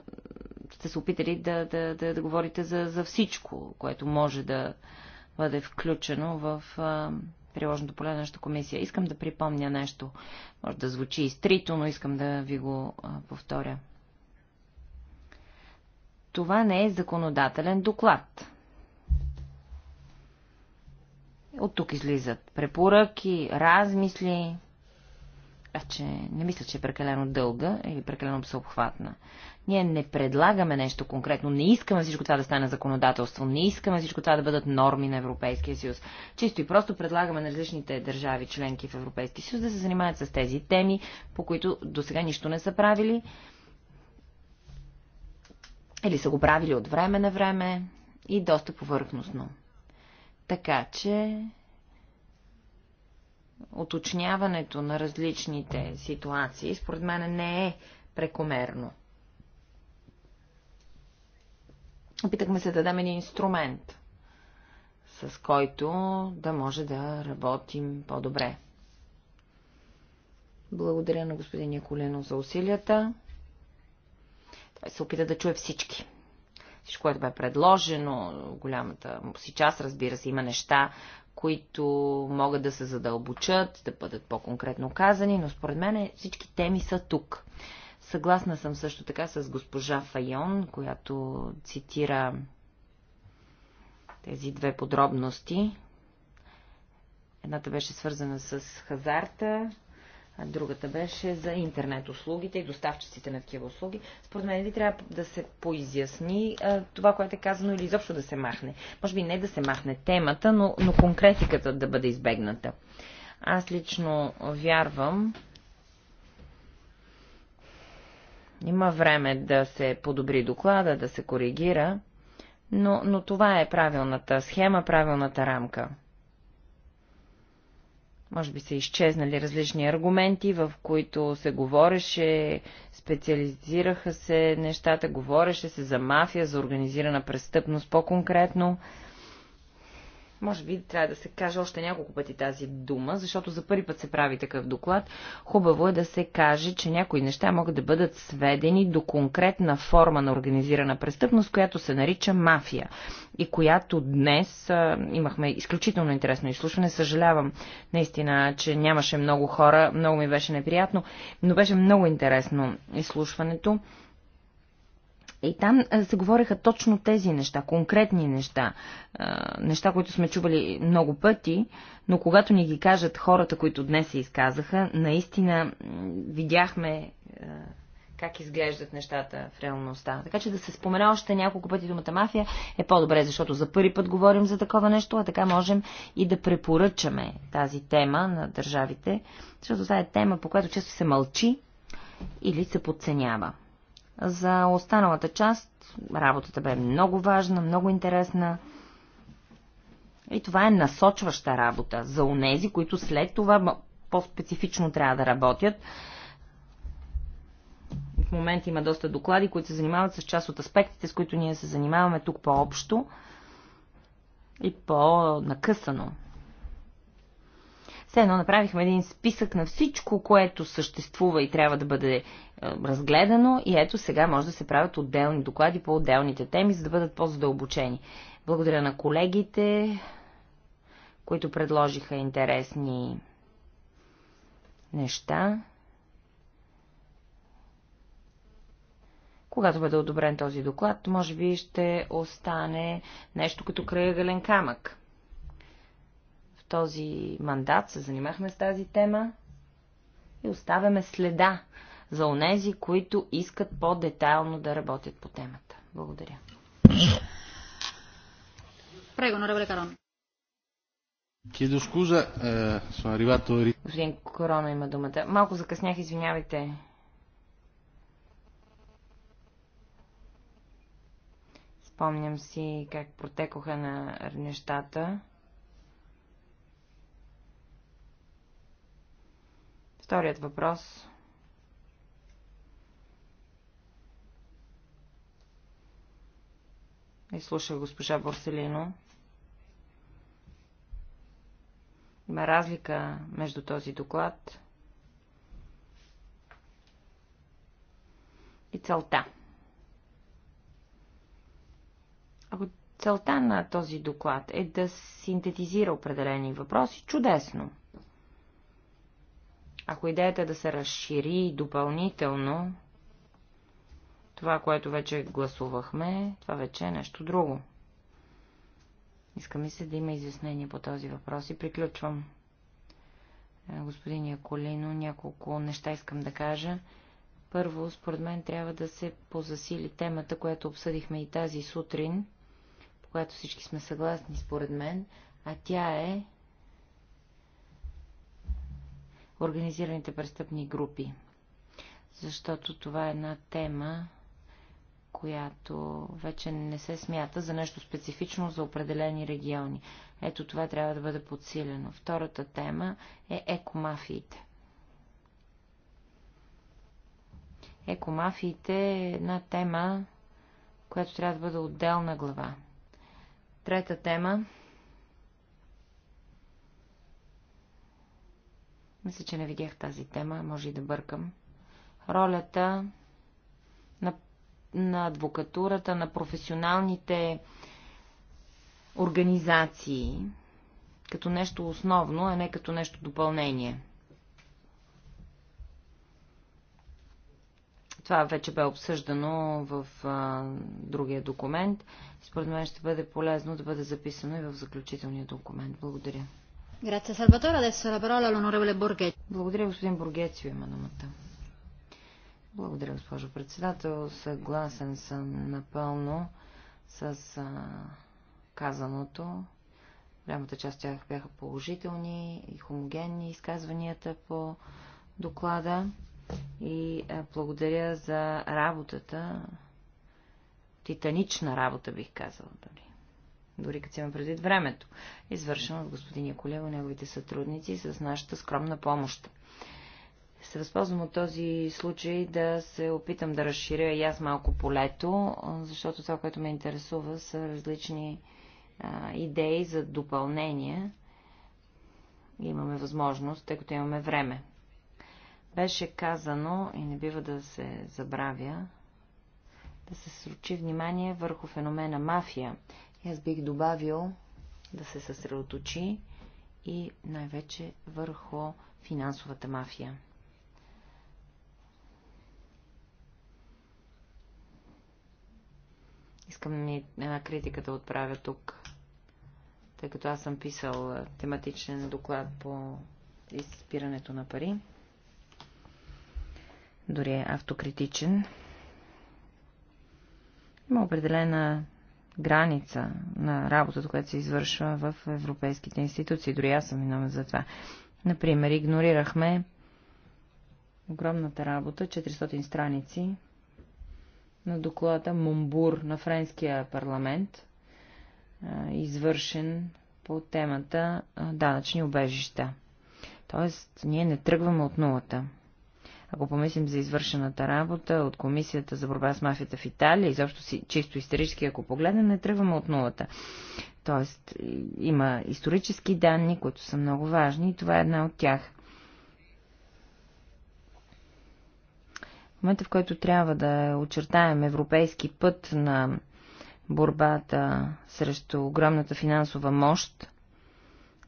Speaker 2: сте се опитали да, да, да, да говорите за, за всичко, което може да бъде включено в а, приложното поле на нашата комисия. Искам да припомня нещо. Може да звучи изтрито, но искам да ви го повторя. Това не е законодателен доклад. От тук излизат препоръки, размисли, А че не мисля, че е прекалено дълга или прекалено всеобхватна. Ние не предлагаме нещо конкретно, не искаме всичко това да стане законодателство, не искаме всичко това да бъдат норми на Европейския съюз. Чисто и просто предлагаме на различните държави, членки в Европейския съюз, да се занимават с тези теми, по които до сега нищо не са правили. Или са го правили от време на време и доста повърхностно. Така че уточняването на различните ситуации, според мен, не е прекомерно. Опитахме се да дадем един инструмент, с който да може да работим по-добре. Благодаря на господин Яколено за усилията. Той се опита да чуе всички. Всичко, което бе предложено, голямата си част, разбира се, има неща, които могат да се задълбочат, да бъдат по-конкретно казани, но според мен всички теми са тук. Съгласна съм също така с госпожа Файон, която цитира тези две подробности. Едната беше свързана с хазарта, а другата беше за интернет услугите и доставчиците на такива услуги. Според мен ви трябва да се поизясни а, това, което е казано или изобщо да се махне. Може би не да се махне темата, но, но конкретиката да бъде избегната. Аз лично вярвам, Има време да се подобри доклада, да се коригира, но, но това е правилната схема, правилната рамка. Може би са изчезнали различни аргументи, в които се говореше, специализираха се нещата, говореше се за мафия, за организирана престъпност по-конкретно. Може би трябва да се каже още няколко пъти тази дума, защото за първи път се прави такъв доклад. Хубаво е да се каже, че някои неща могат да бъдат сведени до конкретна форма на организирана престъпност, която се нарича мафия и която днес а, имахме изключително интересно изслушване. Съжалявам наистина, че нямаше много хора, много ми беше неприятно, но беше много интересно изслушването. И там се говореха точно тези неща, конкретни неща, неща, които сме чували много пъти, но когато ни ги кажат хората, които днес се изказаха, наистина видяхме как изглеждат нещата в реалността. Така че да се спомена още няколко пъти думата мафия е по-добре, защото за първи път говорим за такова нещо, а така можем и да препоръчаме тази тема на държавите, защото това е тема, по която често се мълчи или се подценява. За останалата част работата бе много важна, много интересна. И това е насочваща работа за унези, които след това по-специфично трябва да работят. В момента има доста доклади, които се занимават с част от аспектите, с които ние се занимаваме тук по-общо и по-накъсано. Все направихме един списък на всичко, което съществува и трябва да бъде е, разгледано и ето сега може да се правят отделни доклади по отделните теми, за да бъдат по-задълбочени. Благодаря на колегите, които предложиха интересни неща. Когато бъде одобрен този доклад, може би ще остане нещо като краягален камък този мандат се занимахме с тази тема и оставяме следа за онези, които искат по-детайлно да работят по темата. Благодаря. Prego, onorevole Carone.
Speaker 1: Chiedo scusa, eh, sono arrivato...
Speaker 2: Господин Корона има думата. Малко закъснях, извинявайте. Спомням си как протекоха на нещата. Вторият въпрос. Изслушах госпожа Борселино. Има разлика между този доклад и целта. Ако целта на този доклад е да синтетизира определени въпроси, чудесно – ако идеята е да се разшири допълнително това, което вече гласувахме, това вече е нещо друго. Иска ми се да има изяснение по този въпрос и приключвам. Е, господин Яколино, няколко неща искам да кажа. Първо, според мен трябва да се позасили темата, която обсъдихме и тази сутрин, по която всички сме съгласни, според мен, а тя е организираните престъпни групи. Защото това е една тема, която вече не се смята за нещо специфично за определени региони. Ето това трябва да бъде подсилено. Втората тема е екомафиите. Екомафиите е една тема, която трябва да бъде отделна глава. Трета тема Мисля, че не видях тази тема, може и да бъркам. Ролята на, на адвокатурата, на професионалните организации като нещо основно, а не като нещо допълнение. Това вече бе обсъждано в а, другия документ. Според мен ще бъде полезно да бъде записано и в заключителния документ. Благодаря.
Speaker 1: Благодаря,
Speaker 2: господин Бургецио има думата. Благодаря, госпожо председател. Съгласен съм напълно с казаното. Голямата част тях бяха положителни и хомогенни изказванията по доклада. И благодаря за работата, титанична работа, бих казала. Дали дори като има предвид времето, извършено от господин Колева и неговите сътрудници с нашата скромна помощ. Се възползвам от този случай да се опитам да разширя и аз малко полето, защото това, което ме интересува, са различни а, идеи за допълнение. Имаме възможност, тъй като имаме време. Беше казано, и не бива да се забравя, да се срочи внимание върху феномена мафия аз бих добавил да се съсредоточи и най-вече върху финансовата мафия. Искам ми една критика да отправя тук, тъй като аз съм писал е, тематичен доклад по изпирането на пари. Дори е автокритичен. Има определена граница на работата, която се извършва в европейските институции. Дори аз съм виновен за това. Например, игнорирахме огромната работа, 400 страници на доклада Момбур на Френския парламент, извършен по темата данъчни обежища. Тоест, ние не тръгваме от нулата. Ако помислим за извършената работа от Комисията за борба с мафията в Италия, изобщо си, чисто исторически, ако погледнем, не тръгваме от нулата. Тоест, има исторически данни, които са много важни и това е една от тях. В момента, в който трябва да очертаем европейски път на борбата срещу огромната финансова мощ,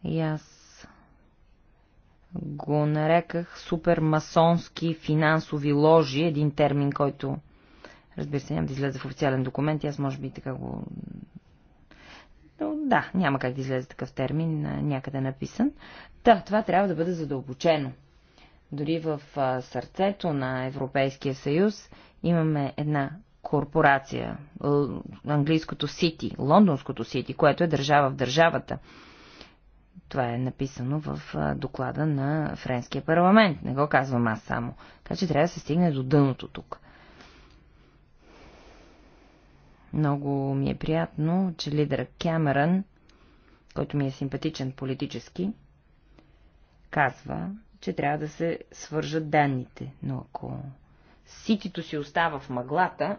Speaker 2: и аз го нареках супермасонски финансови ложи, един термин, който, разбира се, няма да излезе в официален документ, аз може би така го... Но, да, няма как да излезе такъв термин, някъде написан. Да, това трябва да бъде задълбочено. Дори в сърцето на Европейския съюз имаме една корпорация, английското Сити, лондонското Сити, което е държава в държавата – това е написано в доклада на Френския парламент. Не го казвам аз само. Така че трябва да се стигне до дъното тук. Много ми е приятно, че лидера Кемерън, който ми е симпатичен политически, казва, че трябва да се свържат данните. Но ако ситито си остава в мъглата,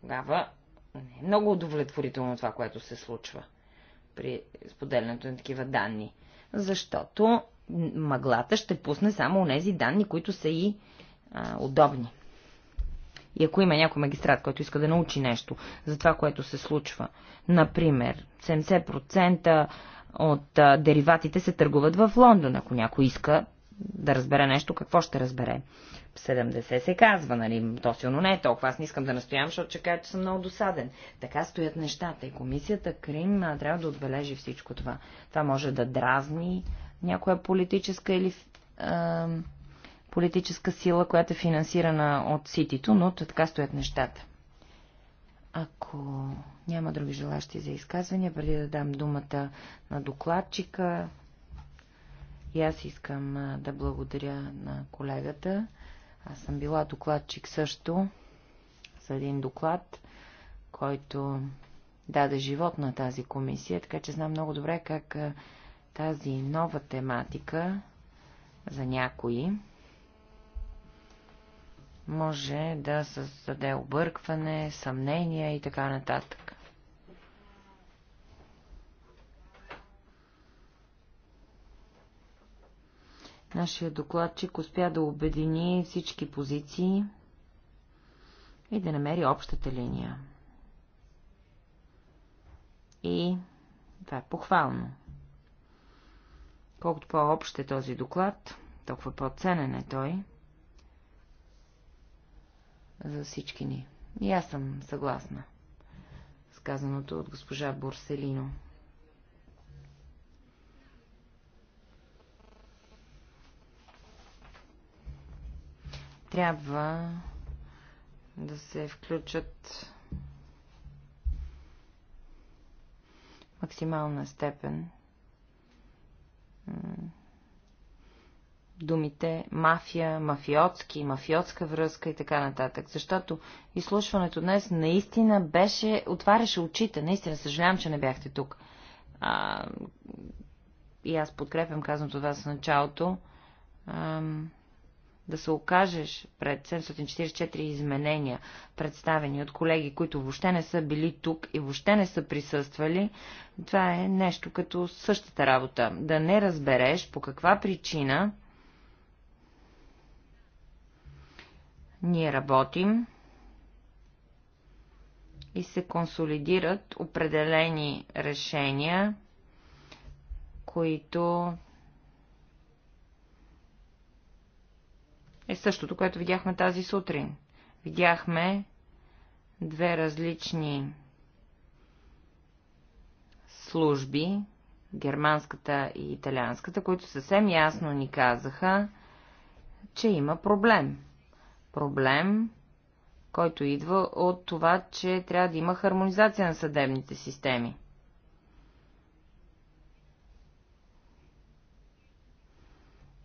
Speaker 2: тогава не е много удовлетворително това, което се случва при споделянето на такива данни. Защото мъглата ще пусне само онези данни, които са и а, удобни. И ако има някой магистрат, който иска да научи нещо за това, което се случва, например, 70% от а, дериватите се търгуват в Лондон, ако някой иска да разбере нещо, какво ще разбере. 70 се казва, нали, то силно не е толкова, аз не искам да настоявам, защото че кажа, че съм много досаден. Така стоят нещата и комисията Крим трябва да отбележи всичко това. Това може да дразни някоя политическа или а, политическа сила, която е финансирана от ситито, но така стоят нещата. Ако няма други желащи за изказвания, преди да дам думата на докладчика, и аз искам да благодаря на колегата аз съм била докладчик също с един доклад, който даде живот на тази комисия, така че знам много добре как тази нова тематика за някои може да създаде объркване, съмнения и така нататък. Нашия докладчик успя да обедини всички позиции и да намери общата линия. И това е похвално. Колкото по-общ е този доклад, толкова по-ценен е той за всички ни. И аз съм съгласна с казаното от госпожа Борселино. трябва да се включат максимална степен думите мафия, мафиотски, мафиотска връзка и така нататък. Защото изслушването днес наистина беше, отваряше очите. Наистина съжалявам, че не бяхте тук. А, и аз подкрепям казаното от вас в началото. А, да се окажеш пред 744 изменения, представени от колеги, които въобще не са били тук и въобще не са присъствали, това е нещо като същата работа. Да не разбереш по каква причина ние работим и се консолидират определени решения, които е същото, което видяхме тази сутрин. Видяхме две различни служби, германската и италианската, които съвсем ясно ни казаха, че има проблем. Проблем, който идва от това, че трябва да има хармонизация на съдебните системи.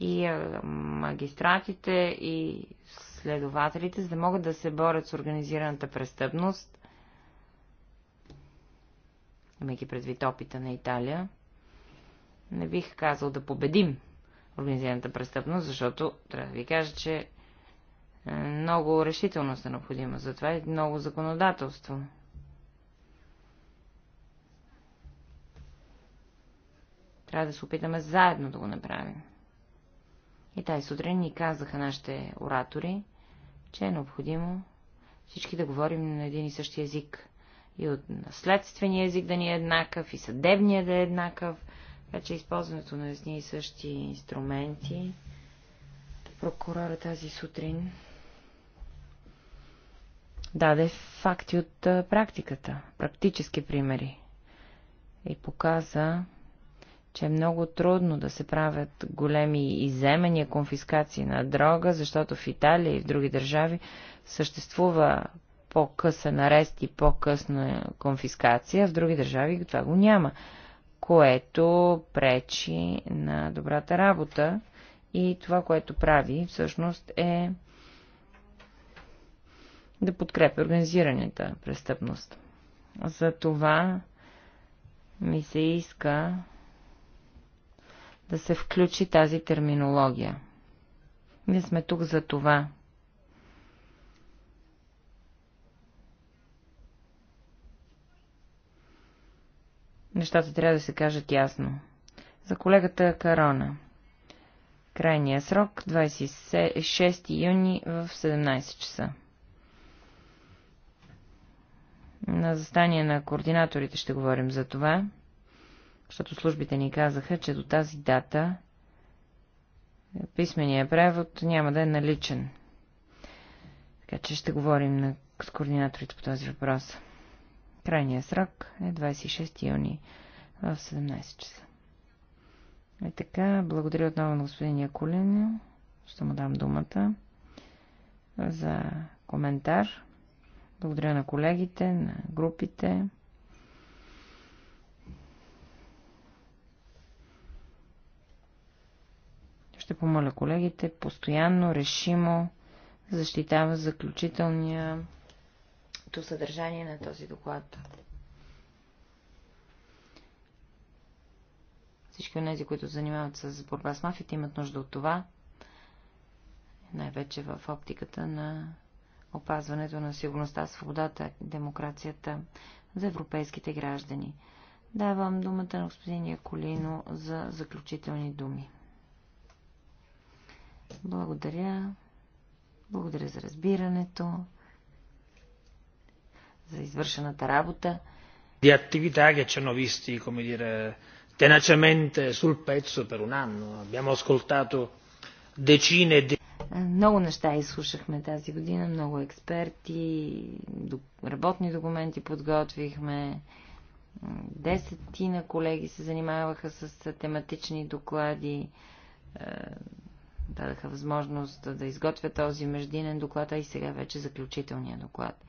Speaker 2: и магистратите и следователите, за да могат да се борят с организираната престъпност, имайки предвид опита на Италия, не бих казал да победим организираната престъпност, защото трябва да ви кажа, че е, много решителност е необходима за това и много законодателство. Трябва да се опитаме заедно да го направим. И тази сутрин ни казаха нашите оратори, че е необходимо всички да говорим на един и същи език. И от наследствения език да ни е еднакъв, и съдебния да е еднакъв. Така че използването на едни и същи инструменти. Прокурора тази сутрин даде факти от практиката, практически примери. И показа, че е много трудно да се правят големи иземания, конфискации на дрога, защото в Италия и в други държави съществува по-късен арест и по-късна конфискация, в други държави това го няма, което пречи на добрата работа и това, което прави всъщност е да подкрепи организираната престъпност. За това ми се иска да се включи тази терминология. Ние сме тук за това. Нещата трябва да се кажат ясно. За колегата Карона. Крайният срок 26 юни в 17 часа. На застание на координаторите ще говорим за това защото службите ни казаха, че до тази дата писмения превод няма да е наличен. Така че ще говорим на, с координаторите по този въпрос. Крайният срок е 26 юни в 17 часа. Е така, благодаря отново на господин Якулин. Ще му дам думата за коментар. Благодаря на колегите, на групите. ще помоля колегите постоянно, решимо защитава заключителния то съдържание на този доклад. Всички от тези, които занимават с борба с мафията, имат нужда от това, най-вече в оптиката на опазването на сигурността, свободата, демокрацията за европейските граждани. Давам думата на господин Яколино за заключителни думи. Благодаря. Благодаря за разбирането, за извършената работа.
Speaker 3: Di attività che ci hanno visti,
Speaker 2: come dire, tenacemente sul pezzo per un anno. Abbiamo ascoltato decine e много неща изслушахме тази година, много експерти, работни документи подготвихме. Десетина колеги се занимаваха с тематични доклади. Е, дадаха възможност да изготвя този междинен доклад, а и сега вече заключителния доклад.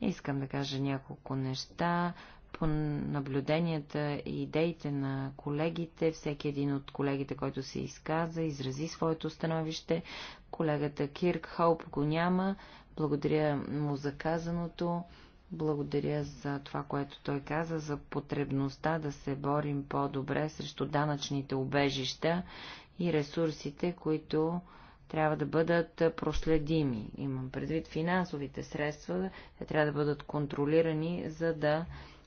Speaker 2: Искам да кажа няколко неща по наблюденията и идеите на колегите. Всеки един от колегите, който се изказа, изрази своето становище. Колегата Кирк Хоуп го няма. Благодаря му за казаното. Благодаря за това, което той каза, за потребността да се борим по-добре срещу данъчните убежища и ресурсите, които трябва да бъдат проследими. Имам предвид финансовите средства, те трябва да бъдат контролирани, за да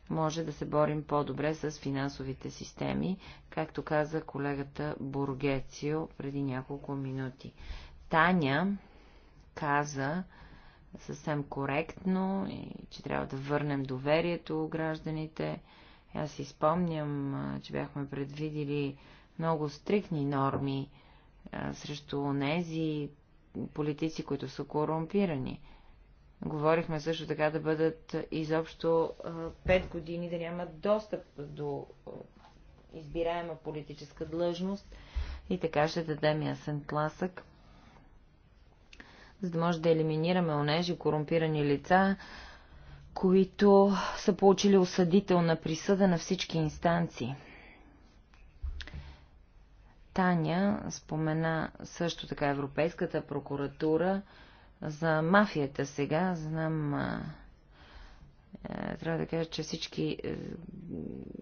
Speaker 2: може да се борим по-добре с финансовите системи, както каза колегата Бургецио преди няколко минути. Таня каза, съвсем коректно и че трябва да върнем доверието у гражданите. Аз си спомням, че бяхме предвидили много стрикни норми срещу нези политици, които са корумпирани. Говорихме също така да бъдат изобщо 5 години да нямат достъп до избираема политическа длъжност и така ще дадем ясен тласък за да може да елиминираме онежи корумпирани лица, които са получили осъдителна присъда на всички инстанции. Таня спомена също така Европейската прокуратура за мафията сега. Знам, е, трябва да кажа, че всички е,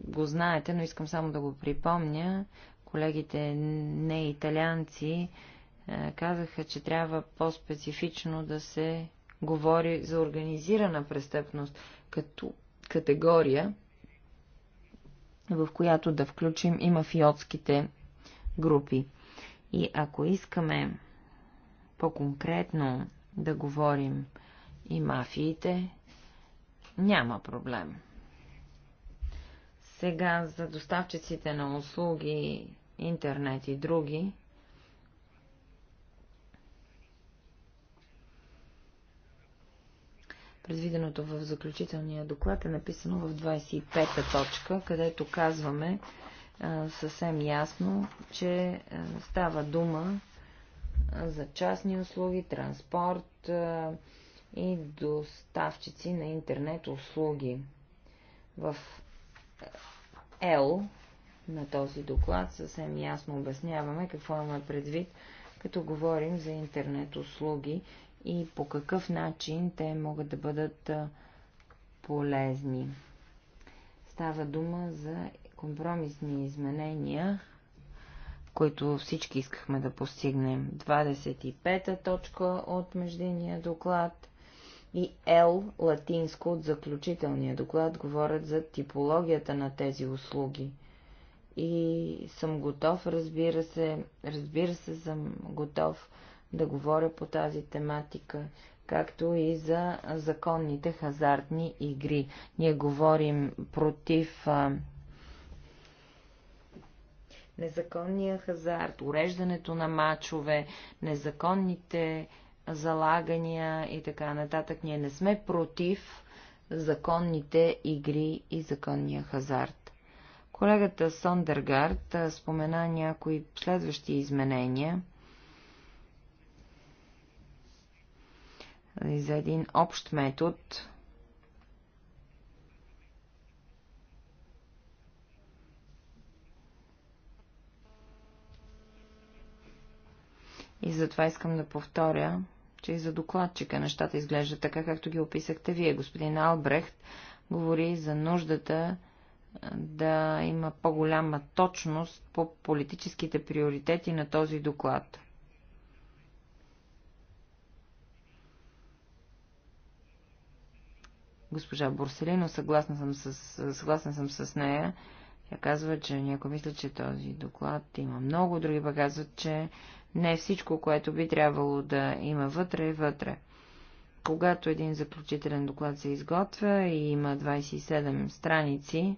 Speaker 2: го знаете, но искам само да го припомня. Колегите не италианци е, казаха, че трябва по-специфично да се говори за организирана престъпност като категория, в която да включим и мафиотските групи. И ако искаме по-конкретно да говорим и мафиите, няма проблем. Сега за доставчиците на услуги, интернет и други, Предвиденото в заключителния доклад е написано в 25-та точка, където казваме съвсем ясно, че става дума за частни услуги, транспорт и доставчици на интернет услуги. В L на този доклад съвсем ясно обясняваме какво имаме предвид, като говорим за интернет услуги и по какъв начин те могат да бъдат полезни. Става дума за компромисни изменения, които всички искахме да постигнем. 25-та точка от междинния доклад и L, латинско от заключителния доклад, говорят за типологията на тези услуги. И съм готов, разбира се, разбира се, съм готов да говоря по тази тематика, както и за законните хазартни игри. Ние говорим против а, незаконния хазарт, уреждането на мачове, незаконните залагания и така нататък. Ние не сме против законните игри и законния хазарт. Колегата Сондергард спомена някои следващи изменения – и за един общ метод, И затова искам да повторя, че и за докладчика нещата изглеждат така, както ги описахте вие. Господин Албрехт говори за нуждата да има по-голяма точност по политическите приоритети на този доклад. госпожа Борселино, съгласна съм с, съгласна съм с нея. Тя казва, че някой мисля, че този доклад има много, други пък казват, че не е всичко, което би трябвало да има вътре, е вътре. Когато един заключителен доклад се изготвя и има 27 страници,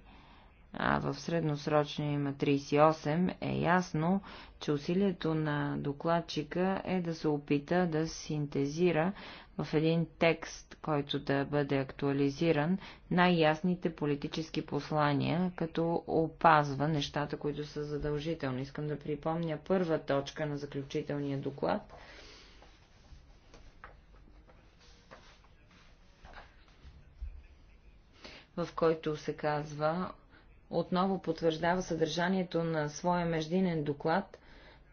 Speaker 2: а в средносрочния има 38, е ясно, че усилието на докладчика е да се опита да синтезира в един текст, който да бъде актуализиран, най-ясните политически послания, като опазва нещата, които са задължителни. Искам да припомня първа точка на заключителния доклад. в който се казва, отново потвърждава съдържанието на своя междинен доклад –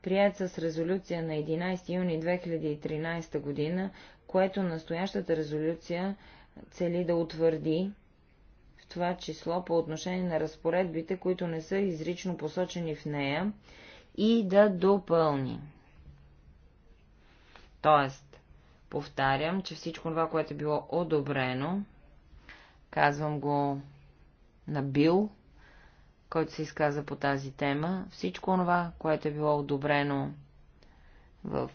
Speaker 2: прият с резолюция на 11 юни 2013 година, което настоящата резолюция цели да утвърди, в това число по отношение на разпоредбите, които не са изрично посочени в нея, и да допълни. Тоест, повтарям, че всичко това, което е било одобрено, казвам го на Бил, който се изказа по тази тема. Всичко това, което е било одобрено в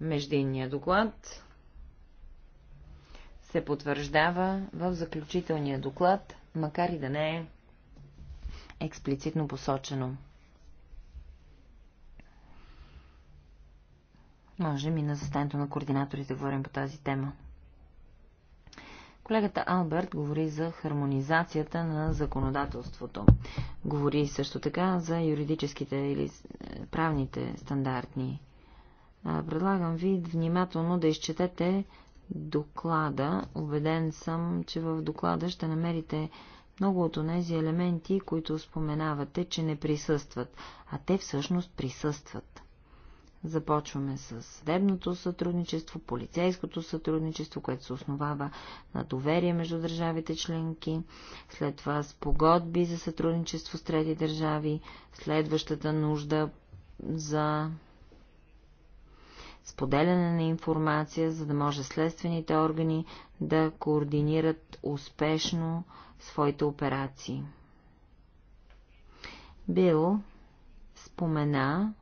Speaker 2: междинния доклад, се потвърждава в заключителния доклад, макар и да не е експлицитно посочено. Можем и на застанието на координаторите да говорим по тази тема. Колегата Алберт говори за хармонизацията на законодателството. Говори също така за юридическите или правните стандартни. Предлагам ви внимателно да изчетете доклада. Обеден съм, че в доклада ще намерите много от тези елементи, които споменавате, че не присъстват, а те всъщност присъстват. Започваме с съдебното сътрудничество, полицейското сътрудничество, което се основава на доверие между държавите членки, след това спогодби за сътрудничество с трети държави, следващата нужда за споделяне на информация, за да може следствените органи да координират успешно своите операции. Бил спомена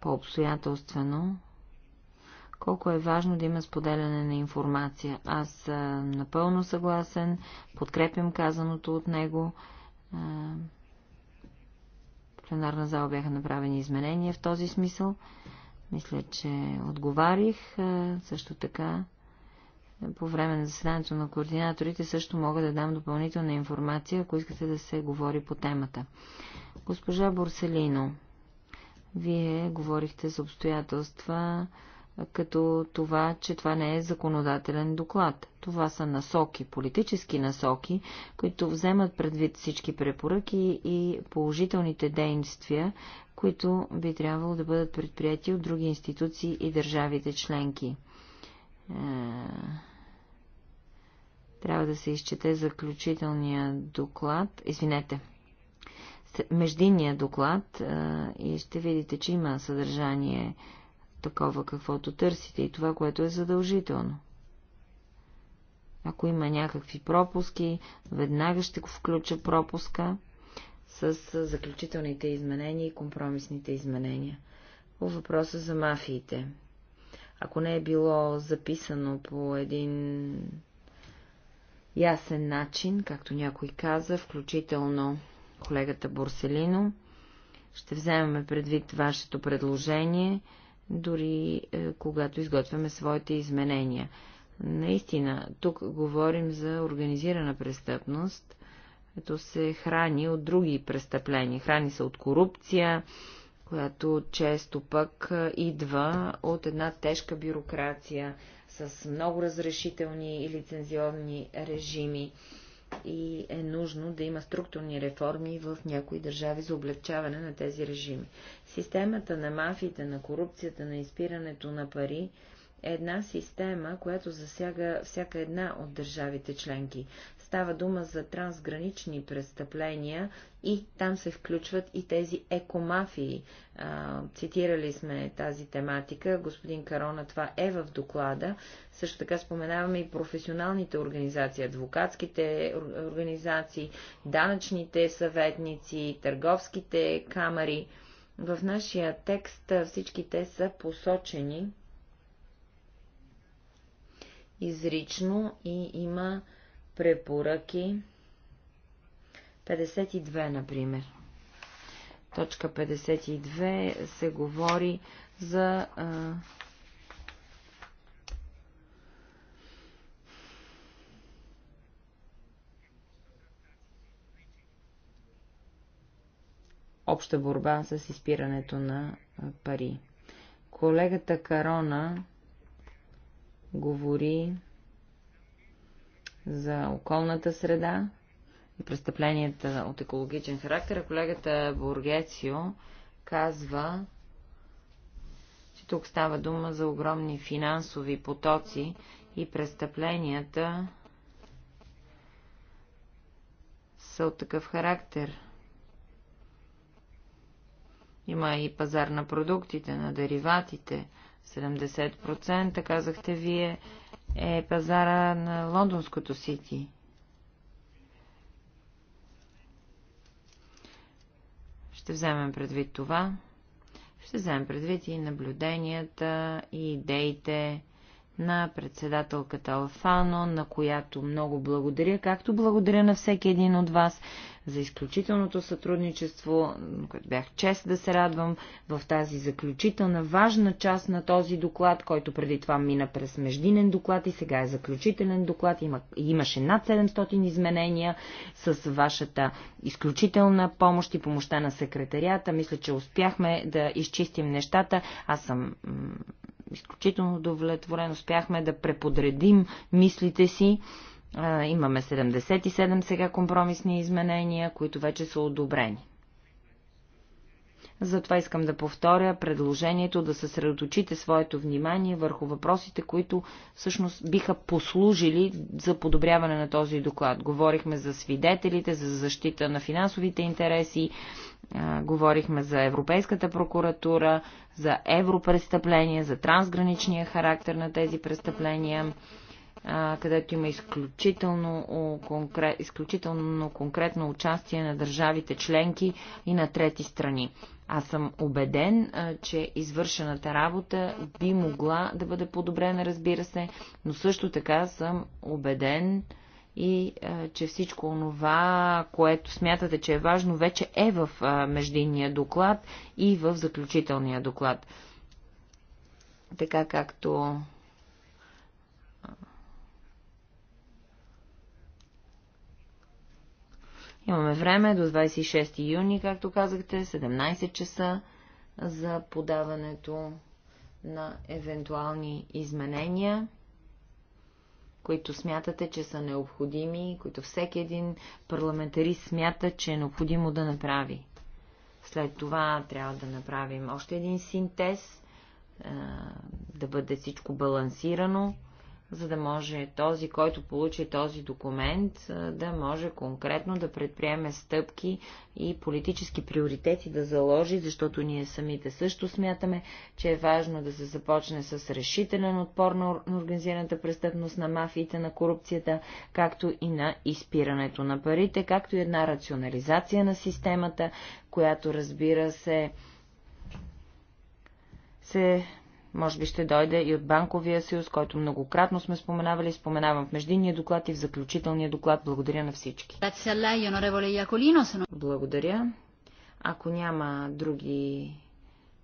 Speaker 2: по-обстоятелствено, колко е важно да има споделяне на информация. Аз съм напълно съгласен, подкрепям казаното от него. В пленарна зала бяха направени изменения в този смисъл. Мисля, че отговарих. Също така, по време на заседанието на координаторите също мога да дам допълнителна информация, ако искате да се говори по темата. Госпожа Борселино вие говорихте за обстоятелства, като това, че това не е законодателен доклад. Това са насоки, политически насоки, които вземат предвид всички препоръки и положителните действия, които би трябвало да бъдат предприяти от други институции и държавите членки. Трябва да се изчете заключителния доклад. Извинете, междинния доклад и ще видите, че има съдържание такова, каквото търсите и това, което е задължително. Ако има някакви пропуски, веднага ще го включа пропуска с заключителните изменения и компромисните изменения. По въпроса за мафиите. Ако не е било записано по един ясен начин, както някой каза, включително колегата Борселино. Ще вземем предвид вашето предложение, дори е, когато изготвяме своите изменения. Наистина, тук говорим за организирана престъпност, като се храни от други престъпления. Храни се от корупция, която често пък е, идва от една тежка бюрокрация с много разрешителни и лицензионни режими и е нужно да има структурни реформи в някои държави за облегчаване на тези режими. Системата на мафията, на корупцията, на изпирането на пари една система, която засяга всяка една от държавите членки. Става дума за трансгранични престъпления и там се включват и тези екомафии. А, цитирали сме тази тематика, господин Карона, това е в доклада. Също така споменаваме и професионалните организации, адвокатските организации, данъчните съветници, търговските камери. В нашия текст всички те са посочени изрично и има препоръки. 52, например. Точка 52 се говори за обща борба с изпирането на пари. Колегата Карона говори за околната среда и престъпленията от екологичен характер, колегата Боргецио казва, че тук става дума за огромни финансови потоци и престъпленията са от такъв характер. Има и пазар на продуктите, на дериватите – 70% казахте вие е пазара на лондонското сити. Ще вземем предвид това. Ще вземем предвид и наблюденията, и идеите, на председателката Алфано, на която много благодаря, както благодаря на всеки един от вас за изключителното сътрудничество, което бях чест да се радвам в тази заключителна важна част на този доклад, който преди това мина през междинен доклад и сега е заключителен доклад. Има, имаше над 700 изменения с вашата изключителна помощ и помощта на секретарията. Мисля, че успяхме да изчистим нещата. Аз съм изключително удовлетворен. Успяхме да преподредим мислите си. Имаме 77 сега компромисни изменения, които вече са одобрени. Затова искам да повторя предложението да съсредоточите своето внимание върху въпросите, които всъщност биха послужили за подобряване на този доклад. Говорихме за свидетелите, за защита на финансовите интереси, говорихме за Европейската прокуратура, за европрестъпления, за трансграничния характер на тези престъпления където има изключително, конкрет, изключително конкретно участие на държавите членки и на трети страни. Аз съм убеден, че извършената работа би могла да бъде подобрена, разбира се, но също така съм убеден и че всичко онова, което смятате, че е важно, вече е в междинния доклад и в заключителния доклад. Така както Имаме време до 26 юни, както казахте, 17 часа за подаването на евентуални изменения, които смятате, че са необходими, които всеки един парламентарист смята, че е необходимо да направи. След това трябва да направим още един синтез, да бъде всичко балансирано за да може този, който получи този документ, да може конкретно да предприеме стъпки и политически приоритети да заложи, защото ние самите също смятаме, че е важно да се започне с решителен отпор на организираната престъпност на мафиите, на корупцията, както и на изпирането на парите, както и една рационализация на системата, която разбира се се може би ще дойде и от Банковия съюз, който многократно сме споменавали, споменавам в междинния доклад и в заключителния доклад. Благодаря на всички. Благодаря. Ако няма други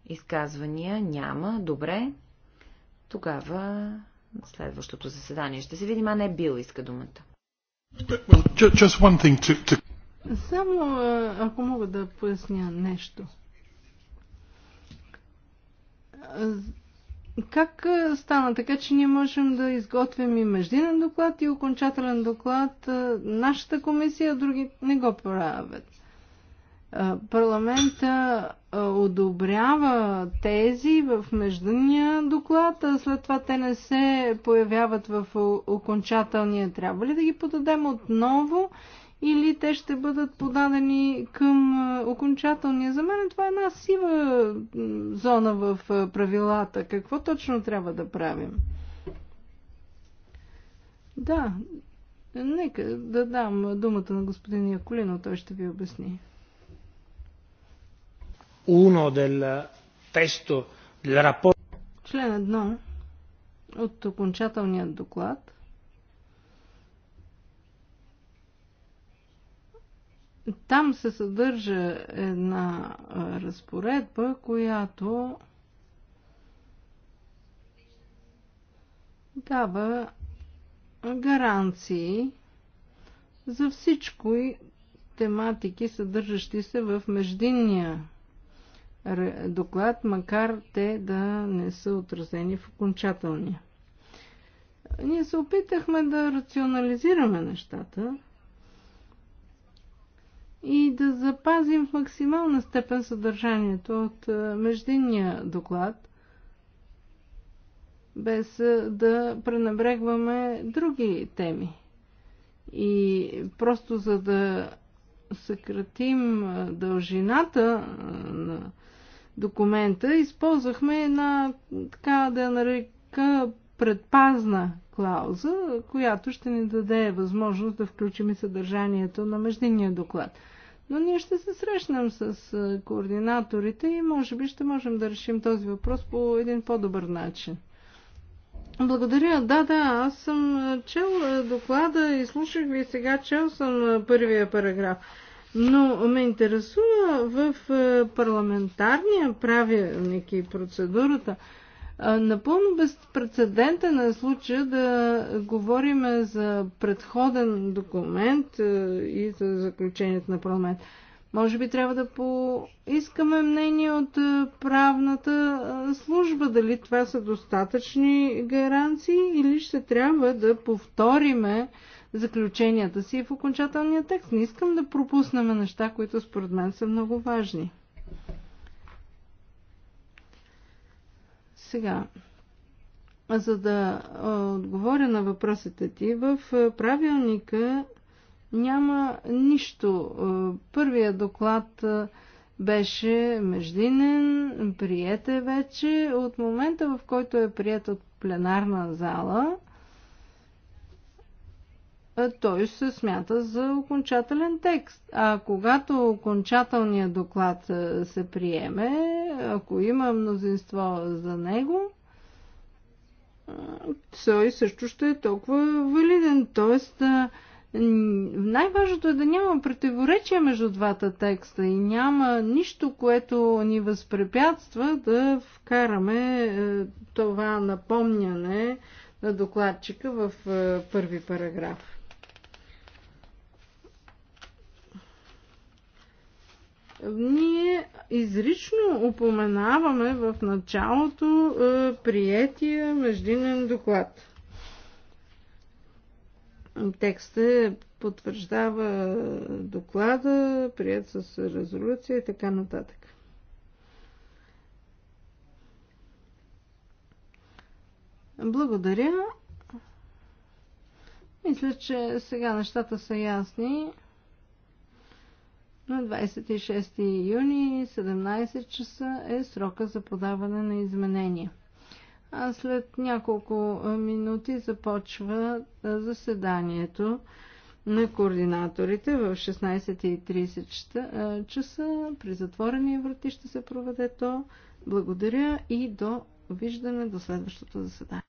Speaker 2: изказвания, няма. Добре. Тогава следващото заседание ще се видим, а не бил иска думата.
Speaker 1: Само ако мога да поясня нещо как е, стана така, че ние можем да изготвим и междинен доклад и окончателен доклад? Е, нашата комисия, други не го правят. Е, парламента одобрява тези в междинния доклад, а след това те не се появяват в окончателния. Трябва ли да ги подадем отново или те ще бъдат подадени към е, окончателния. За мен това е една сива зона в е, правилата. Какво точно трябва да правим? Да, нека да дам думата на господин Яколино, той ще ви обясни. Uno del testo del rapporto. Член 1 от окончателният доклад Там се съдържа една разпоредба, която дава гаранции за всичко и тематики, съдържащи се в междинния доклад, макар те да не са отразени в окончателния. Ние се опитахме да рационализираме нещата, и да запазим в максимална степен съдържанието от е, междинния доклад, без е, да пренебрегваме други теми. И просто за да съкратим е, дължината на документа, използвахме една, така да я нарека, предпазна клауза, която ще ни даде възможност да включим и съдържанието на междинния доклад. Но ние ще се срещнем с координаторите и може би ще можем да решим този въпрос по един по-добър начин. Благодаря. Да, да, аз съм чел доклада и слушах ви сега, чел съм първия параграф. Но ме интересува в парламентарния правилник и процедурата – Напълно безпредседентен е случая да говорим за предходен документ и за заключението на парламент. Може би трябва да поискаме мнение от правната служба, дали това са достатъчни гаранции или ще трябва да повториме заключенията си в окончателния текст. Не искам да пропуснем неща, които според мен са много важни. Сега, за да отговоря на въпросите ти, в правилника няма нищо. Първия доклад беше междинен, прият е вече. От момента, в който е прият от пленарна зала, той се смята за окончателен текст. А когато окончателният доклад се приеме, ако има мнозинство за него, той също ще е толкова валиден. Тоест, най-важното е да няма противоречия между двата текста и няма нищо, което ни възпрепятства да вкараме това напомняне на докладчика в първи параграф. ние изрично упоменаваме в началото е, приятия междинен доклад. Текстът е, потвърждава доклада, прият с резолюция и така нататък. Благодаря. Мисля, че сега нещата са ясни. На 26 юни 17 часа е срока за подаване на изменения. А след няколко минути започва заседанието на координаторите в 16.30 часа. При затворени врати ще се проведе то. Благодаря и до виждане до следващото заседание.